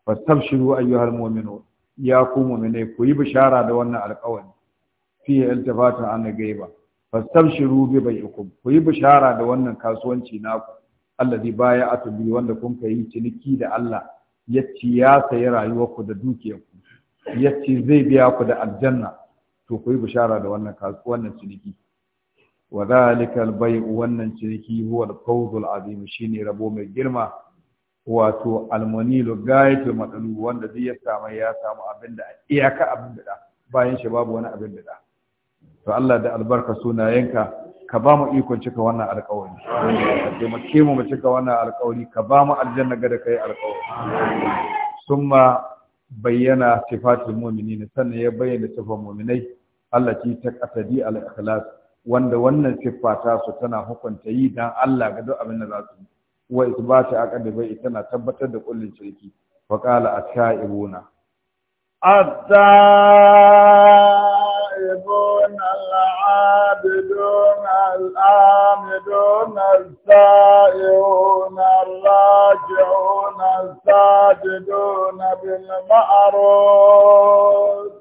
fastabshiru ayyuhal muminu. ya ku mu'mine ku yi bishara da wannan alƙawari fi iltifatun an gaiba fastabshiru bi bai'ikum ku yi bishara da wannan kasuwanci naku allazi baya atubi wanda kun kai ciniki da Allah yace ya sayi ku da dukiyar ku yace zai biya ku da aljanna to ku yi bishara da wannan wannan ciniki wa zalika bay'u wannan ciniki huwa al-fawzul azim shine rabo mai girma wato almanilu gayatul matalu wanda zai ya samu ya samu abinda iyaka abin da bayan shi babu wani abin da to Allah da albarka sunayenka ka ba mu ikon cika wannan alƙawari ka taimake mu mu cika wannan alƙawari ka ba mu aljanna gada da kai alƙawari summa bayyana sifatul mu'minin sannan ya bayyana sifar mu'minai Allah ki ta qatadi al ikhlas wanda wannan siffa su tana hukunta yi dan Allah ga duk abin da za su yi wa bai, ita tana tabbatar da kullun shirki fa qala at-ta'ibuna at التائبون العابدون الآمدون السائرون الراجعون الساجدون بالمعروف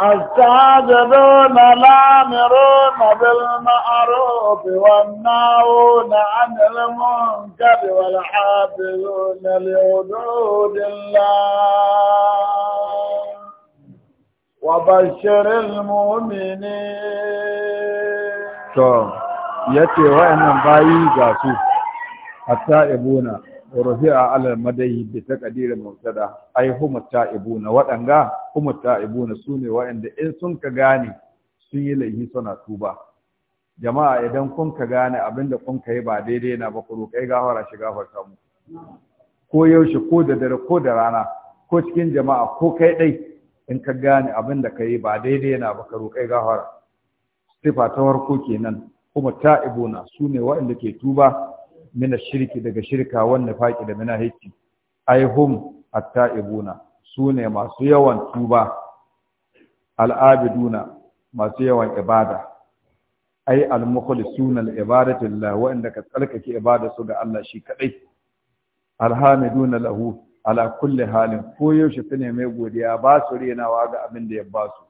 الساجدون الآمرون بالمعروف والناهون عن المنكر والحافظون لحدود الله وبشر المؤمنين to yace wayannan bayi ga su at-ta'ibuna rufi'a 'ala al-madahi bi taqdir mubtada ay hum at-ta'ibuna wadanga hum at-ta'ibuna sune wayanda in sun gane sun yi laifi suna jama'a idan kun ka gane abinda kun kai ba daidai na ba ku roƙai gafara shi gafarta mu ko yaushe ko da dare ko da rana ko cikin jama'a ko kai dai in ka gane abin da ka yi ba daidai yana ba ka roƙai gafara sifa ta farko kenan kuma ta'ibuna su ne waɗanda ke tuba mina shirki daga shirka wanda faƙi da mina hikki ai hum at-ta'ibuna su ne masu yawan tuba al'abiduna masu yawan ibada ai al-mukhlisuna ibada ibadatu wa'anda ka tsarkake ibada su ga Allah shi kadai alhamiduna lahu ala kulli halin ko yaushe su ne mai godiya ba su renawa ga abin da ya ba su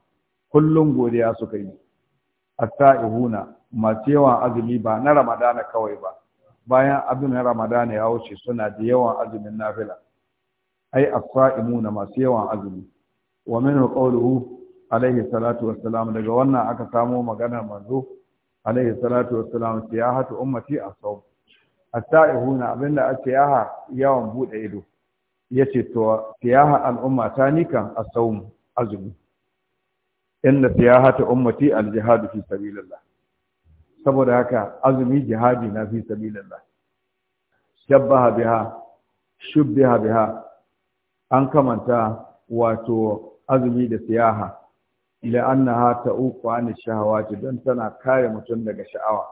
kullum godiya suka yi atta'ihuna masu yawan azumi ba na ramadana kawai ba bayan azumin ramadana ya wuce suna da yawan azumin nafila ai as-sa'imuna masu yawan azumi wa minhu qawluhu alaihi salatu wassalam daga wannan aka samo maganar manzo alaihi salatu wassalam siyahatu ummati as-sawm at abinda ake yaha yawan bude ido yace to siyaha al'umma ta nika as-sawm azumi inna siyahata ummati al-jihad fi sabilillah saboda haka azumi jihadi na fi sabilillah shabbaha biha shubbiha biha an kamanta wato azumi da siyaha ila ta uku an shahawati don tana kare mutum daga sha'awa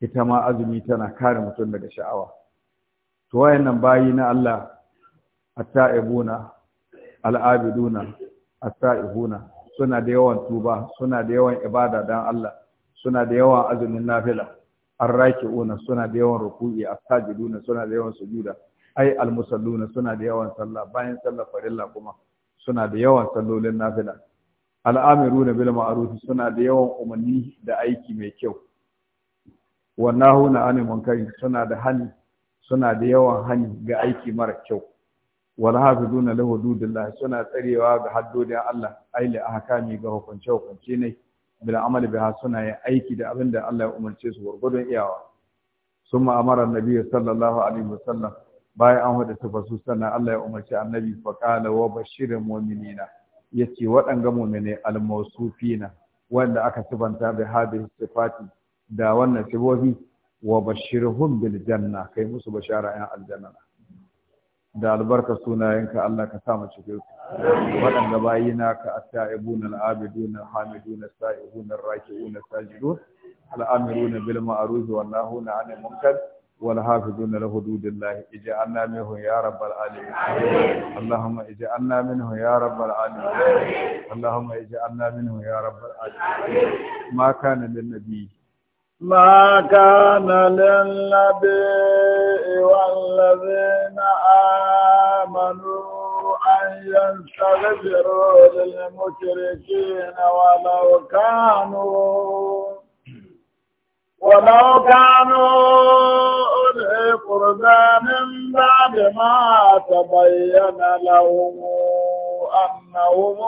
ita ma azumi tana kare mutum daga sha'awa to wayannan bayi na Allah atta'ibuna al'abiduna atta'ibuna suna da yawan tuba suna da yawan ibada dan Allah suna da yawan azumin nafila arraki'una suna da yawan ruku'i as-sajiduna suna da yawan sujuda ai almusalluna suna da yawan sallah bayan sallah farilla kuma suna da yawan sallolin nafila al'amiruna bil ma'ruf suna da yawan umarni da aiki mai kyau wannahuna anil munkari suna da hani suna da yawan hani ga aiki mara kyau wal hafizuna li hududillah suna tsarewa ga haddodin Allah aili ahkami ga hukunce hukunce ne bil amali biha suna yin aiki da abin da Allah ya umarce su gurgudun iyawa summa amara annabi sallallahu alaihi wasallam bayan an hada tafasu sannan Allah ya umarci annabi fa qala wa bashiril mu'minina yace waɗanga mu'mine al-mawsufina wanda aka sifanta bi hadhihi sifati da wannan sifofi wa bashirhum bil janna kai musu bashara 'yan aljanna da albarka sunayenka Allah ka sa mu cikin su waɗanda bayina ka at-ta'ibun al-abidun al-hamidun as-sa'ihun ar-raki'un as-sajidun al-amiruna bil ma'ruf wan nahuna 'anil munkar والحافظون لحدود الله اجعلنا منه يا رب العالمين اللهم اجعلنا منه يا رب العالمين اللهم اجعلنا منه يا رب العالمين ما كان للنبي ما كان للنبي والذين آمنوا أن يستغفروا للمشركين ولو كانوا ولو كانوا أولي قربى من بعد ما تبين لهم أنهم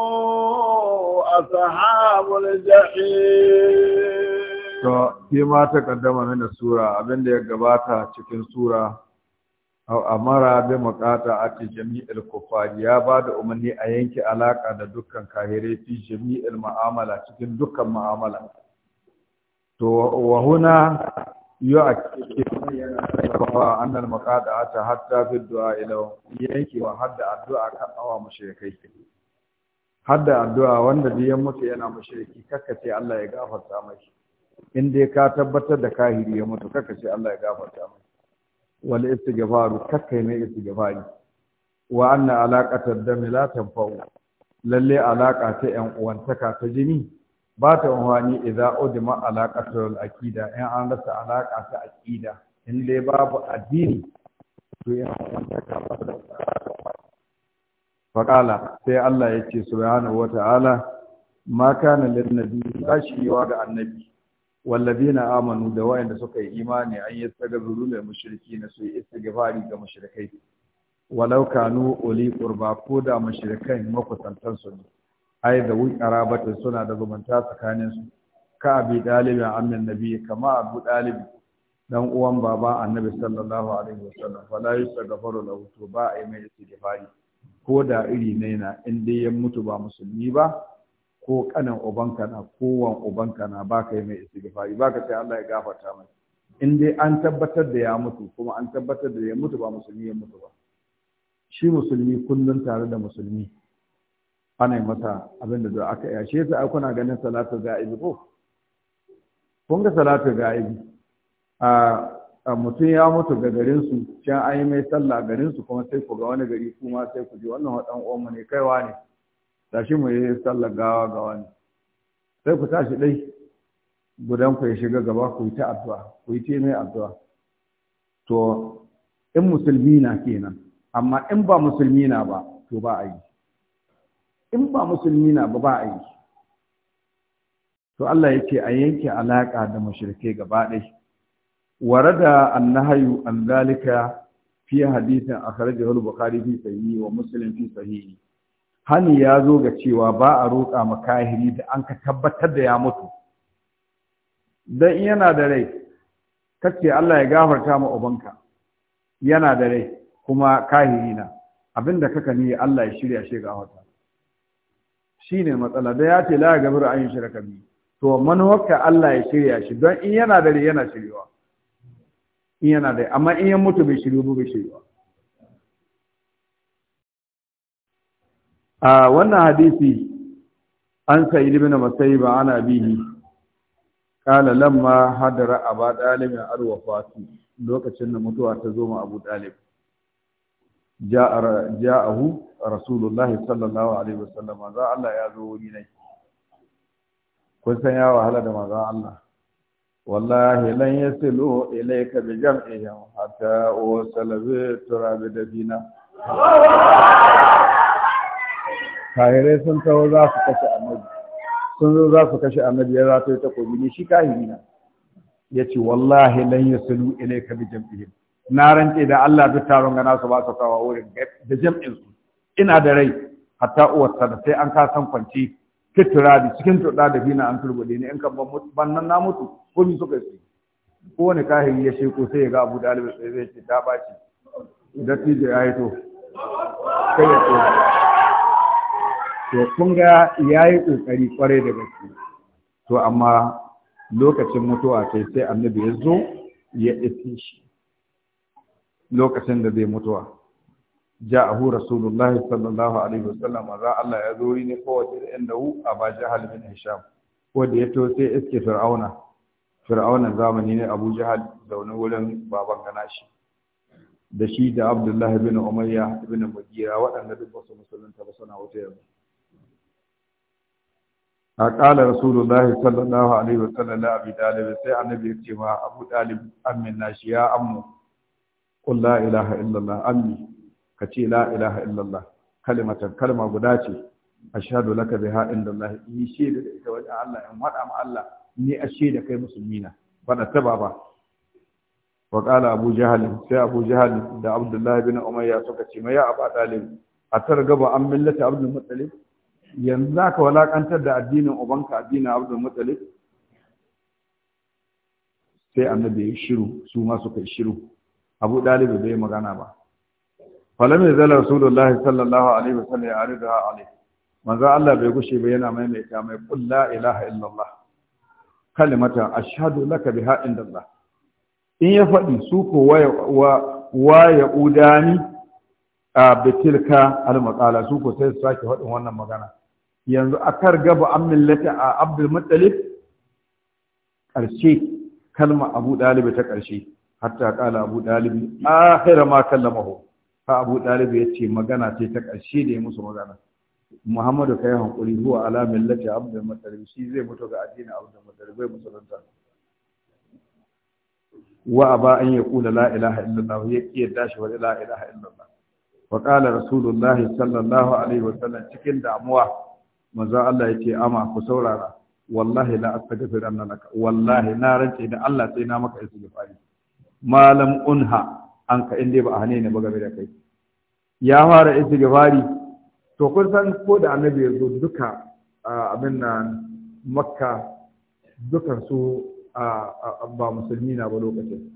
أصحاب الجحيم to shi ma ta kaddama mana sura abin da ya gabata cikin sura amara bi maqata ati jami'il kufar ya ba da umarni a yanke alaka da dukkan kahire fi jami'il mu'amala cikin dukkan mu'amala to wa huna yu'akkidu hatta fi du'a ila yanke wa hadda addu'a kan awa mushrikai hadda addu'a wanda biyan mutu yana mushriki kakkace Allah ya gafarta mai in dai ka tabbatar da kahiri ya mutu kaka ce Allah ya gafarta mu wal istighfaru kaka mai istighfari wa anna alaqatad dami la tanfa'u lalle alaka ta yan uwantaka ta jini ba ta wani idza udma alaqatul aqida in an rasa alaka ta aqida in dai babu addini to ya uwantaka ba ta faqala sai Allah ya ce subhanahu wata'ala ma kana lin nabi rashiwa ga annabi na amanu da wayanda suka yi imani an yi tagazuru mai mushriki na su yi istighfari ga mashirikai. walau kanu uli kurba ko da mashirikai makusantan ne ai da wi qarabatin suna da zumunta tsakanin su ka abi ɗalibin annan nabi kama abu ɗalibi. dan uwan baba annabi sallallahu alaihi wasallam la yastaghfaru lahu to ba yi mai istighfari ko da iri ne na in dai ya mutu ba musulmi ba ko kanan ubanka na ko wan ubanka na baka yi mai istighfari baka ce Allah ya gafarta mai in dai an tabbatar da ya mutu kuma an tabbatar da ya mutu ba musulmi ya mutu ba shi musulmi kullun tare da musulmi ana yi masa abin da za aka yashe ta ai kuna ganin salatu ga'ibi ko kun ga salatu ga'ibi a mutum ya mutu ga garin su can an yi mai sallah garin su kuma sai ku ga wani gari kuma sai ku ji wannan wadan uwanmu ne kaiwa ne tashi mu yi sallar gawa ga wani sai ku tashi dai gudan ku ya shiga gaba ku yi ta addu'a ku yi ta mai addu'a to in musulmi na kenan amma in ba musulmi na ba to ba a yi in ba musulmi na ba ba a yi to Allah yake a yanke alaka da mushrike gaba ɗaya warada annahayu an zalika fi hadithin akhrajahu al-bukhari fi sahihi wa muslim fi sahihi hani ya zo ga cewa ba a roƙa makahiri da an ka tabbatar da ya mutu don yana da rai ce Allah ya gafarta ma ubanka yana da rai kuma kahiri na abinda kaka ne Allah ya shirya shi Shi ne matsala da ya ce la gabar ayin shirka bi to manuwarka Allah ya shirya shi don in yana da rai yana shiryawa in yana da amma in ya mutu bai shirya, bai shiryawa. a wannan hadisi an sayi ibn masayib ana bihi kala lamma hadara aba dalib alwafati lokacin da mutuwa ta zo ma abu dalib ja'ahu rasulullahi sallallahu alaihi wasallam za Allah ya zo wuri nan. kun san ya wahala da maza Allah wallahi lan yasilu ilayka bi jam'ihi hatta usala bi turabi dabina kahirai sun taho za su kashe annabi sun zo za su kashe annabi ya ya takobi ne shi kahiri na ya ce wallahi lan ilai ka bi jam'ihim na rance da Allah duk taron gana su ba su kawo wurin da jam'in su ina da rai hatta uwarta da sai an ka kasan kwanci kittura da cikin tuɗa da fina an turbude ne in kan ban nan na mutu ko mi suka yi kowane kahiri ya sheko sai ya ga Abu Dalib sai zai ce ta baci dattijo ya yi to kai ya tsoro to kun ga yi ƙoƙari ƙwarai da gaske to amma lokacin mutuwa sai sai annabi ya zo ya iske shi lokacin da zai mutuwa Ja a hura rasulullahi sallallahu alaihi wasallam za Allah ya zo ne kowace da 'yan dawu a ba jihar bin hisham wanda ya to sai iske fir'auna fir'auna zamani ne abu jihar zaune wurin baban gana shi da shi da abdullahi bin umayya bin mugira waɗanda duk wasu musulunta ba suna wuce yanzu a ƙalar rasulullahi sallallahu alaihi wa sallam abi dalib sai annabi ya ce ma abu dalib amin na shi ya ammu Kun la ilaha illallah Amin ka ce la ilaha illallah kalimatan kalma guda ce ashhadu laka biha indallahi in shaida da ita wajen Allah in wada ma Allah ni a shaida kai musulmi na bada ta baba wa qala abu jahal sai abu jahal da abdullahi bin umayya suka ce ma ya abu dalib a targaba an millata abdul muttalib yanzu za ka walakantar da addinin ubanka addinin abdul mutsalif sai annabi ya shiru su ma suka yi shiru abu dalibi bai magana ba falam ya zala rasulullahi sallallahu alaihi wa sallam ya arida alaihi manzo Allah bai gushe ba yana maimaita mai qul la ilaha illallah kalimatan ashhadu laka biha indallah in ya faɗi su ko wa wa ya udani a bitilka al-maqala su ko sai su sake faɗin wannan magana yanzu a kar gaba an millata a abdul matsalif ƙarshe kalma abu ɗalibi ta ƙarshe hatta ƙala abu ɗalibi ahira ma kallamahu ha abu ɗalibi ya ce magana ce ta ƙarshe da ya musu magana muhammadu yi hankuri zuwa ala millati abdul matsalif shi zai mutu ga addinin abdul muttalib bai zanta wa ba an yaqula la ilaha illallah ya kiyarda shi wa la ilaha illallah wa ƙala rasulullahi sallallahu alaihi wasallam cikin damuwa manzo Allah yace ama ku saurara wallahi la astaghfir annaka wallahi na rance da Allah sai na maka istighfari malam unha an ka inde ba hane ne ba game da kai ya fara istighfari to kun san ko da annabi ya zo duka abin nan makka dukan su ba musulmi na ba lokacin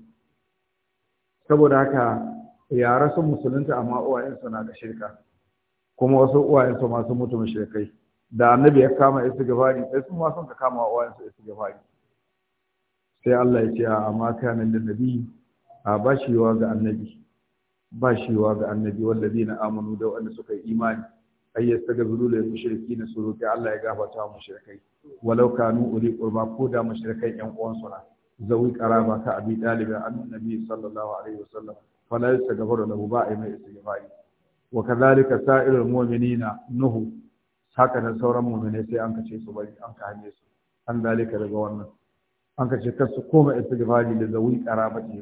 saboda haka yara sun musulunta amma uwayensu na da shirka kuma wasu uwayensu masu mutum shirkai da annabi ya kama istighfari sai su ma sun ka kama wa wayansu istighfari sai Allah ya ce a amma kana da nabi a wa ga annabi ba shi wa ga annabi wallazina amanu da wanda suka yi imani ay yastaghfiru lil mushrikeena su Allah ya gafarta wa mushrikai walau kanu uri qurba ko da mushrikai yan uwan su na zawi qaraba ka abi talib an nabi sallallahu alaihi wasallam fala yastaghfiru lahu ba'i mai istighfari wa kadhalika sa'irul mu'minina nuhu haka nan sauran mu'mine sai an kace su bari an ka su an zalika daga wannan an kace kar su koma istighfari da zawi qarabati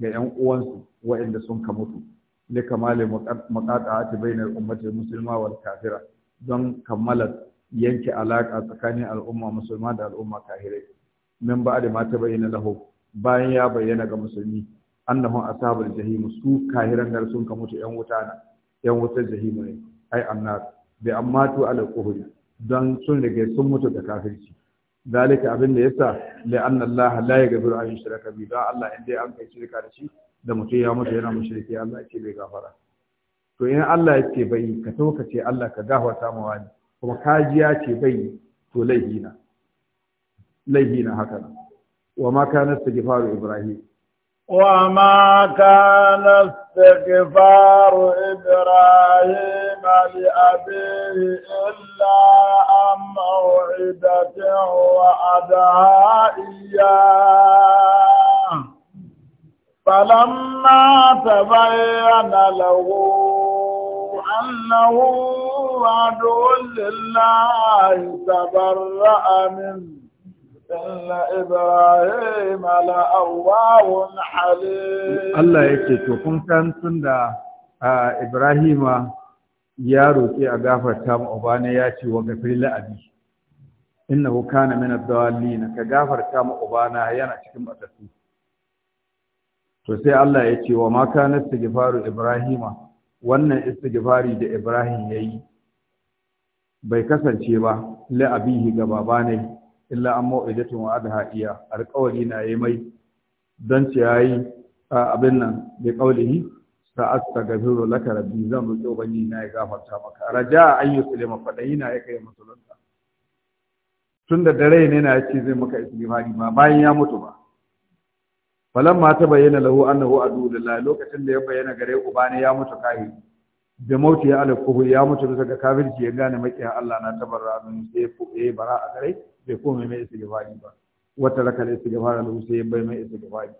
ga yan uwansu waɗanda sun ka mutu li kamali maqata'ati bainal ummati muslima wal kafira don kammala yanke alaka tsakanin al'umma musulma da al'umma kahirai min ba da mata bayyana lahu bayan ya bayyana ga musulmi annahum ashabul jahim su kahiran da sun ka mutu yan wuta na yan wutar jahim ne ai annar bi amma tu ala kuhuri don sun rige sun mutu da kafirci dalika abin da yasa la anna Allah la yaghfiru an yushraka bi da Allah inda an kai shirka da shi da mutum ya mutu yana mushriki Allah yake bai gafara to in Allah yake bai ka to ka ce Allah ka gafarta ma wani kuma kajiya ce bai to laihina laihina haka nan wa ma kana istighfaru ibrahim Wa ma kana استغفار Ibrahim? لأبيه إلا عن موعدة وعدها إياه فلما تبين له أنه عدو لله تبرأ منه إن إبراهيم لأواه حليم الله يكتب كنت أنت Ibrahima ya roƙi a gafarta ma ubana ya ce wa gafir la'abi innahu kana min ad-dallin ka gafarta ma ubana yana cikin matattu to sai Allah ya ce wa ma kana istighfaru ibrahima wannan istighfari da ibrahim yayi bai kasance ba la'abihi ga Baba ne illa an mu'idatu wa adha iya alqawli na yayi mai don ciyayi abin nan da kaulihi sa astaghfiru laka rabbi zan roki ubangiji na ya gafarta maka raja an yuslima fadai na ya kai musulunta tunda dare ne na yace zai maka istighfari ma bayan ya mutu ba falamma ta bayyana lahu annahu adulillah lokacin da ya bayyana gare uba ne ya mutu kahiri da mauti ya alkuhu ya mutu bisa ga kafirci ya gane makiyan Allah na tabarra min sai ya bara a gare bai kome mai istighfari ba wata raka da istighfar lahu sai ya bai mai istighfari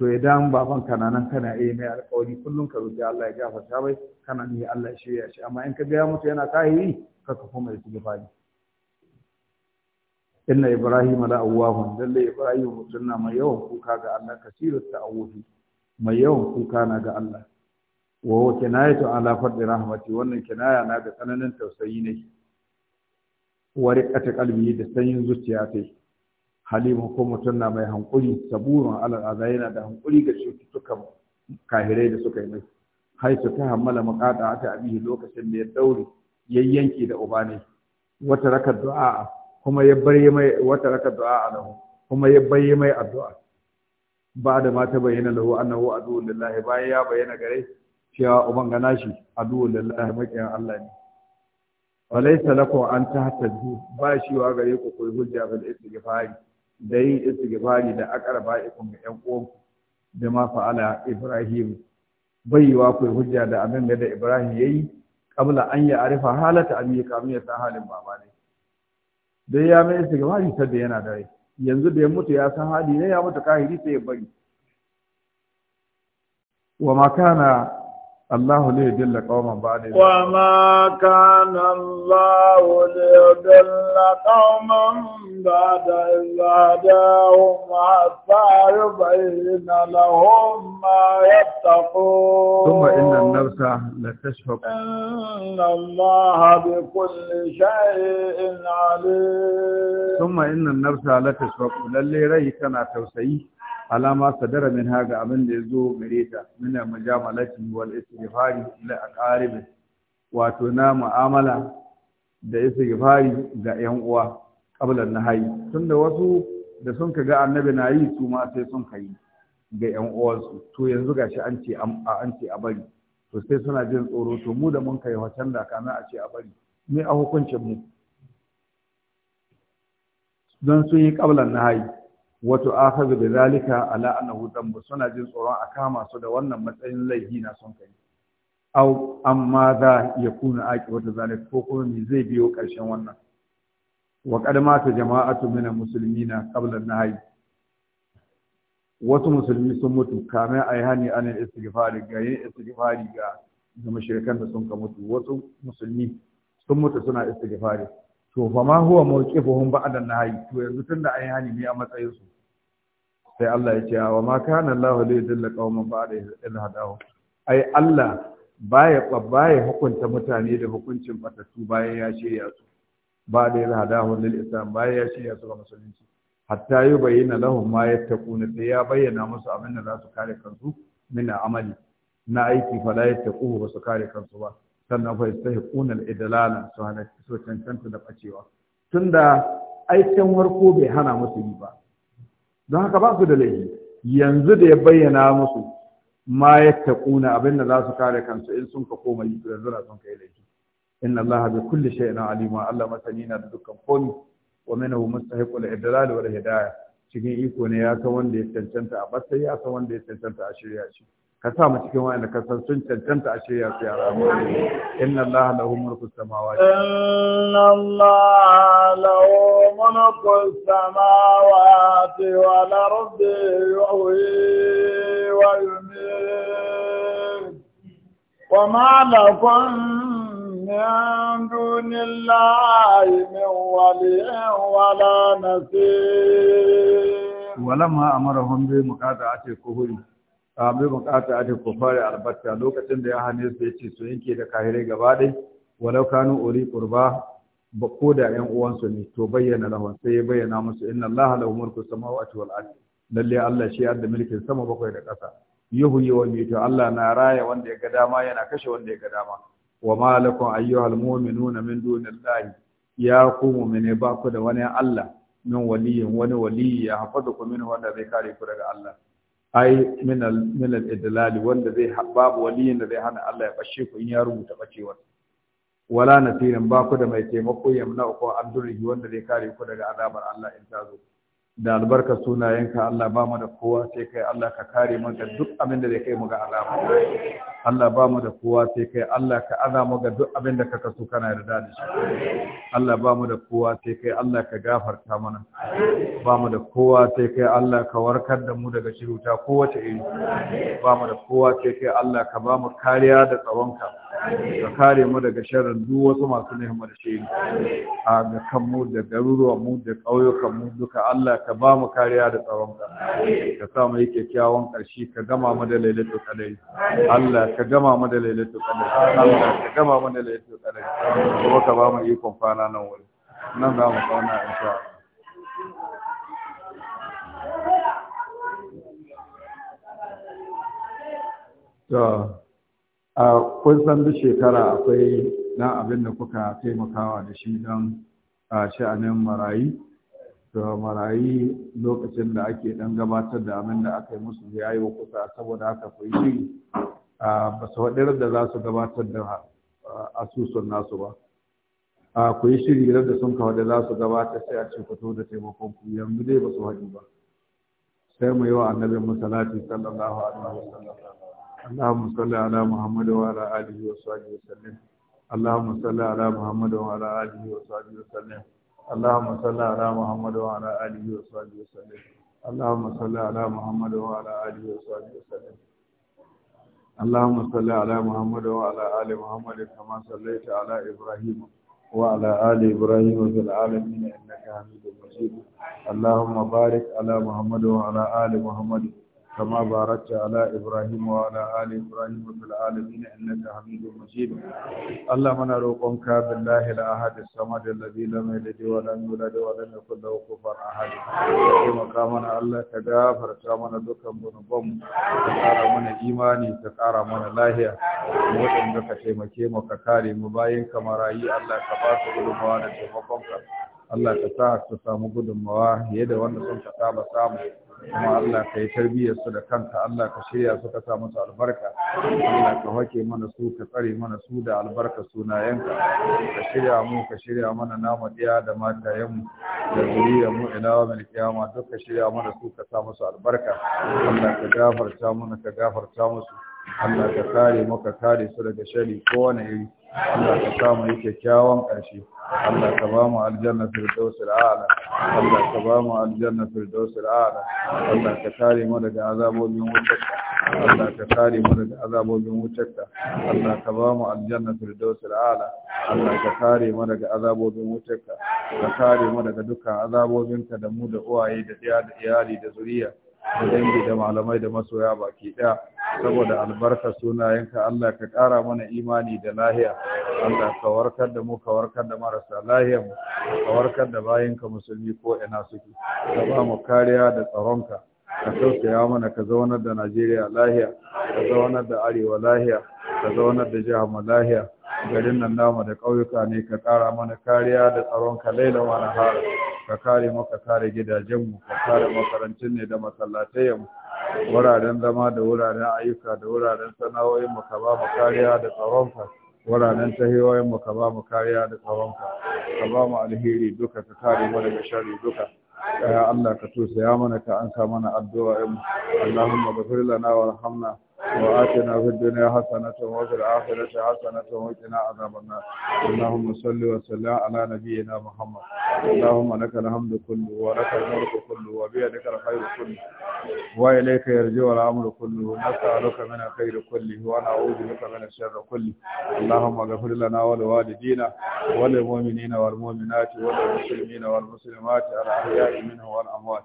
to ya idan baban kana nan kana iya mai alƙawari kullum ka rufe Allah ya gafarta bai kana ni Allah ya shirya shi amma in ka biya mutu yana kahiri ka ka koma da fadi inna ibrahim la awwahun lalle ibrahim mutunna mai yawan kuka ga Allah kasirut ta'awuhi mai yawan kuka na ga Allah wa yi kinayatu ala fadli rahmati wannan kinaya na ga tsananin tausayi ne wa riqati qalbi da sanyin zuciya tai halimu ko mutum na mai hankuri saburun alal yana da hankuri ga cututtukan kahirai da suka yi mai su ta hammala makata ta abihi lokacin da ya daure yayyanki da ubane wata raka du'a kuma ya bari mai wata raka du'a lahu kuma ya bari mai addu'a ba da mata bayyana lahu annahu aduwwul lillahi bayan ya bayyana gare cewa uban gana shi aduwwul lillahi makiyan Allah ne walaysa lakum an tahtaju ba shi wa gare ku koyi hujja bil istighfari da yin istighfari da akarba ikon ga yan uwanku da ma fa'ala Ibrahim bai wa ku hujja da abin da Ibrahim yayi kabla an ya arifa halata abi kamin ya sa halin baba ne dai ya mai istighfari sai yana da yanzu da ya mutu ya san hali ne ya mutu kahiri sai ya bari wa ma kana الله يدل قوما بعد وما كان الله ليدل قوما بعد إذ هداهم حتى يبين لهم ما يتقون ثم إن النفس لتشفق إن الله بكل شيء عليم ثم إن النفس لتشفق للي ريكنا توسيه alama sadara min haga abin da ya zo gare ta mina majamalatin wal istighfari ila aqarib wato na mu'amala da istighfari ga yan uwa na nahayi tunda wasu da sun ga annabi na yi su sai sun kai ga yan uwansu to yanzu gashi an ce an ce a bari to sai suna jin tsoro to mu da mun kai hoton da kana a ce a bari me a hukuncin mu don sun yi na nahayi wato akhadhu bi zalika ala annahu dhanbu suna jin tsoron a kama su da wannan matsayin laifi na son kai au amma za ya kuna aki wata zalika ko kuma me zai biyo karshen wannan wa qad mata jama'atu min almuslimina qabla an-nahy wasu musulmi sun mutu kame a yi hani ana istighfari ga yin istighfari ga ga mashirikan da sun ka mutu wasu musulmi sun mutu suna istighfari to fa ma huwa mawqifuhum ba'da an-nahy to yanzu tunda yi hani ne a matsayin su sai Allah ya ce wa ma kana Allah li yudilla qauman ba'da idh hadahu ai Allah baya baya hukunta mutane da hukuncin batatu bayan ya shirya su ba da idh hadahu lil islam bayan ya shirya su ga musulunci hatta yi bayyana lahum ma yattaquna sai ya bayyana musu abin da za su kare kansu min amali na aiki fa la yattaquhu ba su kare kansu ba sannan fa yastahiquna al-idlala su hana su cancanta da bacewa tunda aikin warko bai hana musu yi ba don haka ba su da laifi yanzu da ya bayyana musu ma taƙuna abin da za su kare kansu in sun ka koma yi yanzu na sun kai laifi in allaha bi kulli shay'in alim wa allah masani na da dukkan komi wa minhu mustahiqul idlal wal hidayah cikin iko ne ya san wanda ya cancanta a batsayi ya san wanda ya cancanta a shirya shi ka sa mu cikin wa'anda ka san sun cancanta a shirya su yara mu inna Allah lahu mulku samawati inna Allah lahu mulku samawati wal ardi yuhyi wa yumiit wa ma lakum من دون الله من ولي ولا نصير ولما أمرهم بمقاطعة كفرهم a mai bukata a ku fara albarka lokacin da ya hane su ya ce su yanke da kahirai gaba dai walau kanu uri qurba ba ko da yan uwansu ne to bayyana lahun sai ya bayyana musu inna allaha lahu mulku samawati wal ardi lalle allah shi da mulkin sama bakwai da ƙasa yuhyi wa yumiitu allah na raya wanda ya ga dama yana kashe wanda ya ga dama wa ma lakum ayyuhal mu'minuna min dunillahi ya ku mu'mine ba ku da wani allah min waliyin wani waliyi ya ku min wanda zai kare ku daga allah ai min al wanda zai babu waliyin da zai hana Allah ya bashe ku in ya rubuta bacewar wala nasirin ba ku da mai taimako yamna ku an durri wanda zai kare ku daga azabar Allah in ta zo da albarka sunayenka Allah ba mu da kowa sai kai Allah ka kare mu ga duk abin da zai kai mu ga alama Allah ba mu da kowa sai kai Allah ka aza mu ga duk abin da kaka kasu kana yarda da shi Allah ba mu da kowa sai kai Allah ka gafarta mana ba mu da kowa sai kai Allah ka warkar da mu daga shiruta kowace iri ba mu da kowa sai kai Allah ka ba mu kariya da tsawonka. ka kare mu daga sharrin duk wasu masu nema da shi a ga kanmu da garuruwan mu da ƙauyukan mu duka Allah ka ba mu kariya da tsaron ka ka sa mu yi kyakkyawan ƙarshe ka gama mu da lailatul kadai. Allah ka gama mu da lailatul kadai. Allah ka gama mu da lailatul qadari kuma ka ba mu ikon kwana nan wuri nan za mu kwana insha Allah a kun san duk shekara akwai na abin da kuka taimakawa da shi don a sha'anin marayi to marayi lokacin da ake dan gabatar da abin da aka yi musu ya yi wa kusa saboda haka kuyi yi shiri ba su da za su gabatar da asusun nasu ba a ku yi shiri da sun kawo da za su gabatar sai a ce fito da taimakon ku yanzu dai ba su haɗu ba sai mu yi wa annabin musalati sallallahu alaihi wasallam Ala'amu salli ala muhammadun wa ala'ali biyu wasu ajiyo salli. Ala'amu salli ala muhammadun wa ala'ali biyu wasu ajiyo salli. Ala'amu salli ala muhammadun wa ala'ali biyu wasu ajiyo salli. Ala'amu salli ala muhammadun wa ala'ali biyu wasu ajiyo salli. Ala'amu salli ala muhammadun wa ala'ali muhammadun kama salli ala Ibrahimu wa ala jina in na ke hannu da masu yi. Ala'amu ma barika ala muhammadun wa ala'ali muhammadun. كما باركت على إبراهيم وعلى آل إبراهيم في العالمين إنك حميد مجيد اللهم أنا روقك بالله الأحد الصمد الذي لم يلد ولم يولد ولم يكن له كفوا أحد مقامنا الله كغافر تامنا دكان بنبم تقارا من إيماني تقارا من لاهيا mutum da ka taimake mu ka kare mu bayan kamarayi Allah ka ba su gudunmawa da taimakonka Allah ka sa su samu gudunmawa fiye da wanda sun ka saba samu kuma Allah ka yi tarbiyyar su da kanta Allah ka shirya su ka sa musu albarka Allah ka hake mana su ka tsare mana su da albarka sunayenka ka shirya mu ka shirya mana namu diya da mata yamu da zuriya mu ina wa mil kiyama duk ka shirya mana su ka sa musu albarka Allah ka gafarta mana ka gafarta musu Allah ka kare mu ka kare su daga shari kowane iri Allah ka kama yi kyakkyawan ƙarshe Allah ka ba mu aljanna firdausul a'la Allah ka ba mu aljanna firdausul a'la Allah ka kare mu daga azabobin wutarka Allah ka kare mu daga azabobin wutarka Allah ka ba mu aljanna firdausul a'la Allah ka kare mu daga azabobin wutarka ka kare mu daga dukkan azabobinka da mu da uwaye da iyali da zuriya da dangi da malamai da masoya baki ɗaya saboda albarka sunayenka Allah ka ƙara mana imani da lahiya Allah ka warkar da mu ka warkar da marasa lahiya mu ka warkar da bayinka musulmi ko ina suke ka ba mu kariya da tsaronka ka tausaya mana ka zaunar da Najeriya lahiya ka zaunar da Arewa lahiya ka zaunar da jihar mu lahiya garin nan nama da ƙauyuka ne ka ƙara mana kariya da tsaronka laila wa nahara ka kare mu ka kare gidajenmu ka kare makarantun ne da masallatayenmu wuraren zama da wuraren ayyuka da wuraren sana'o'in mu ka ba mu kariya da tsaronka wuraren tahiyoyin mu ka ba mu kariya da tsaronka ka ba mu alheri duka ka kare mu daga sharri duka ya Allah ka tusa ya mana ka anka mana addu'a mu Allahumma ghfir lana warhamna وآتنا في الدنيا حسنة وفي الآخرة حسنة وقنا عذاب النار اللهم صل وسلم على نبينا محمد اللهم لك الحمد كله ولك الملك كله وبيدك الخير كله وإليك يرجع الأمر كله نسألك من الخير كله ونعوذ بك من الشر كله اللهم اغفر لنا ولوالدينا وللمؤمنين والمؤمنات وللمسلمين والمسلمات الأحياء منه والأموات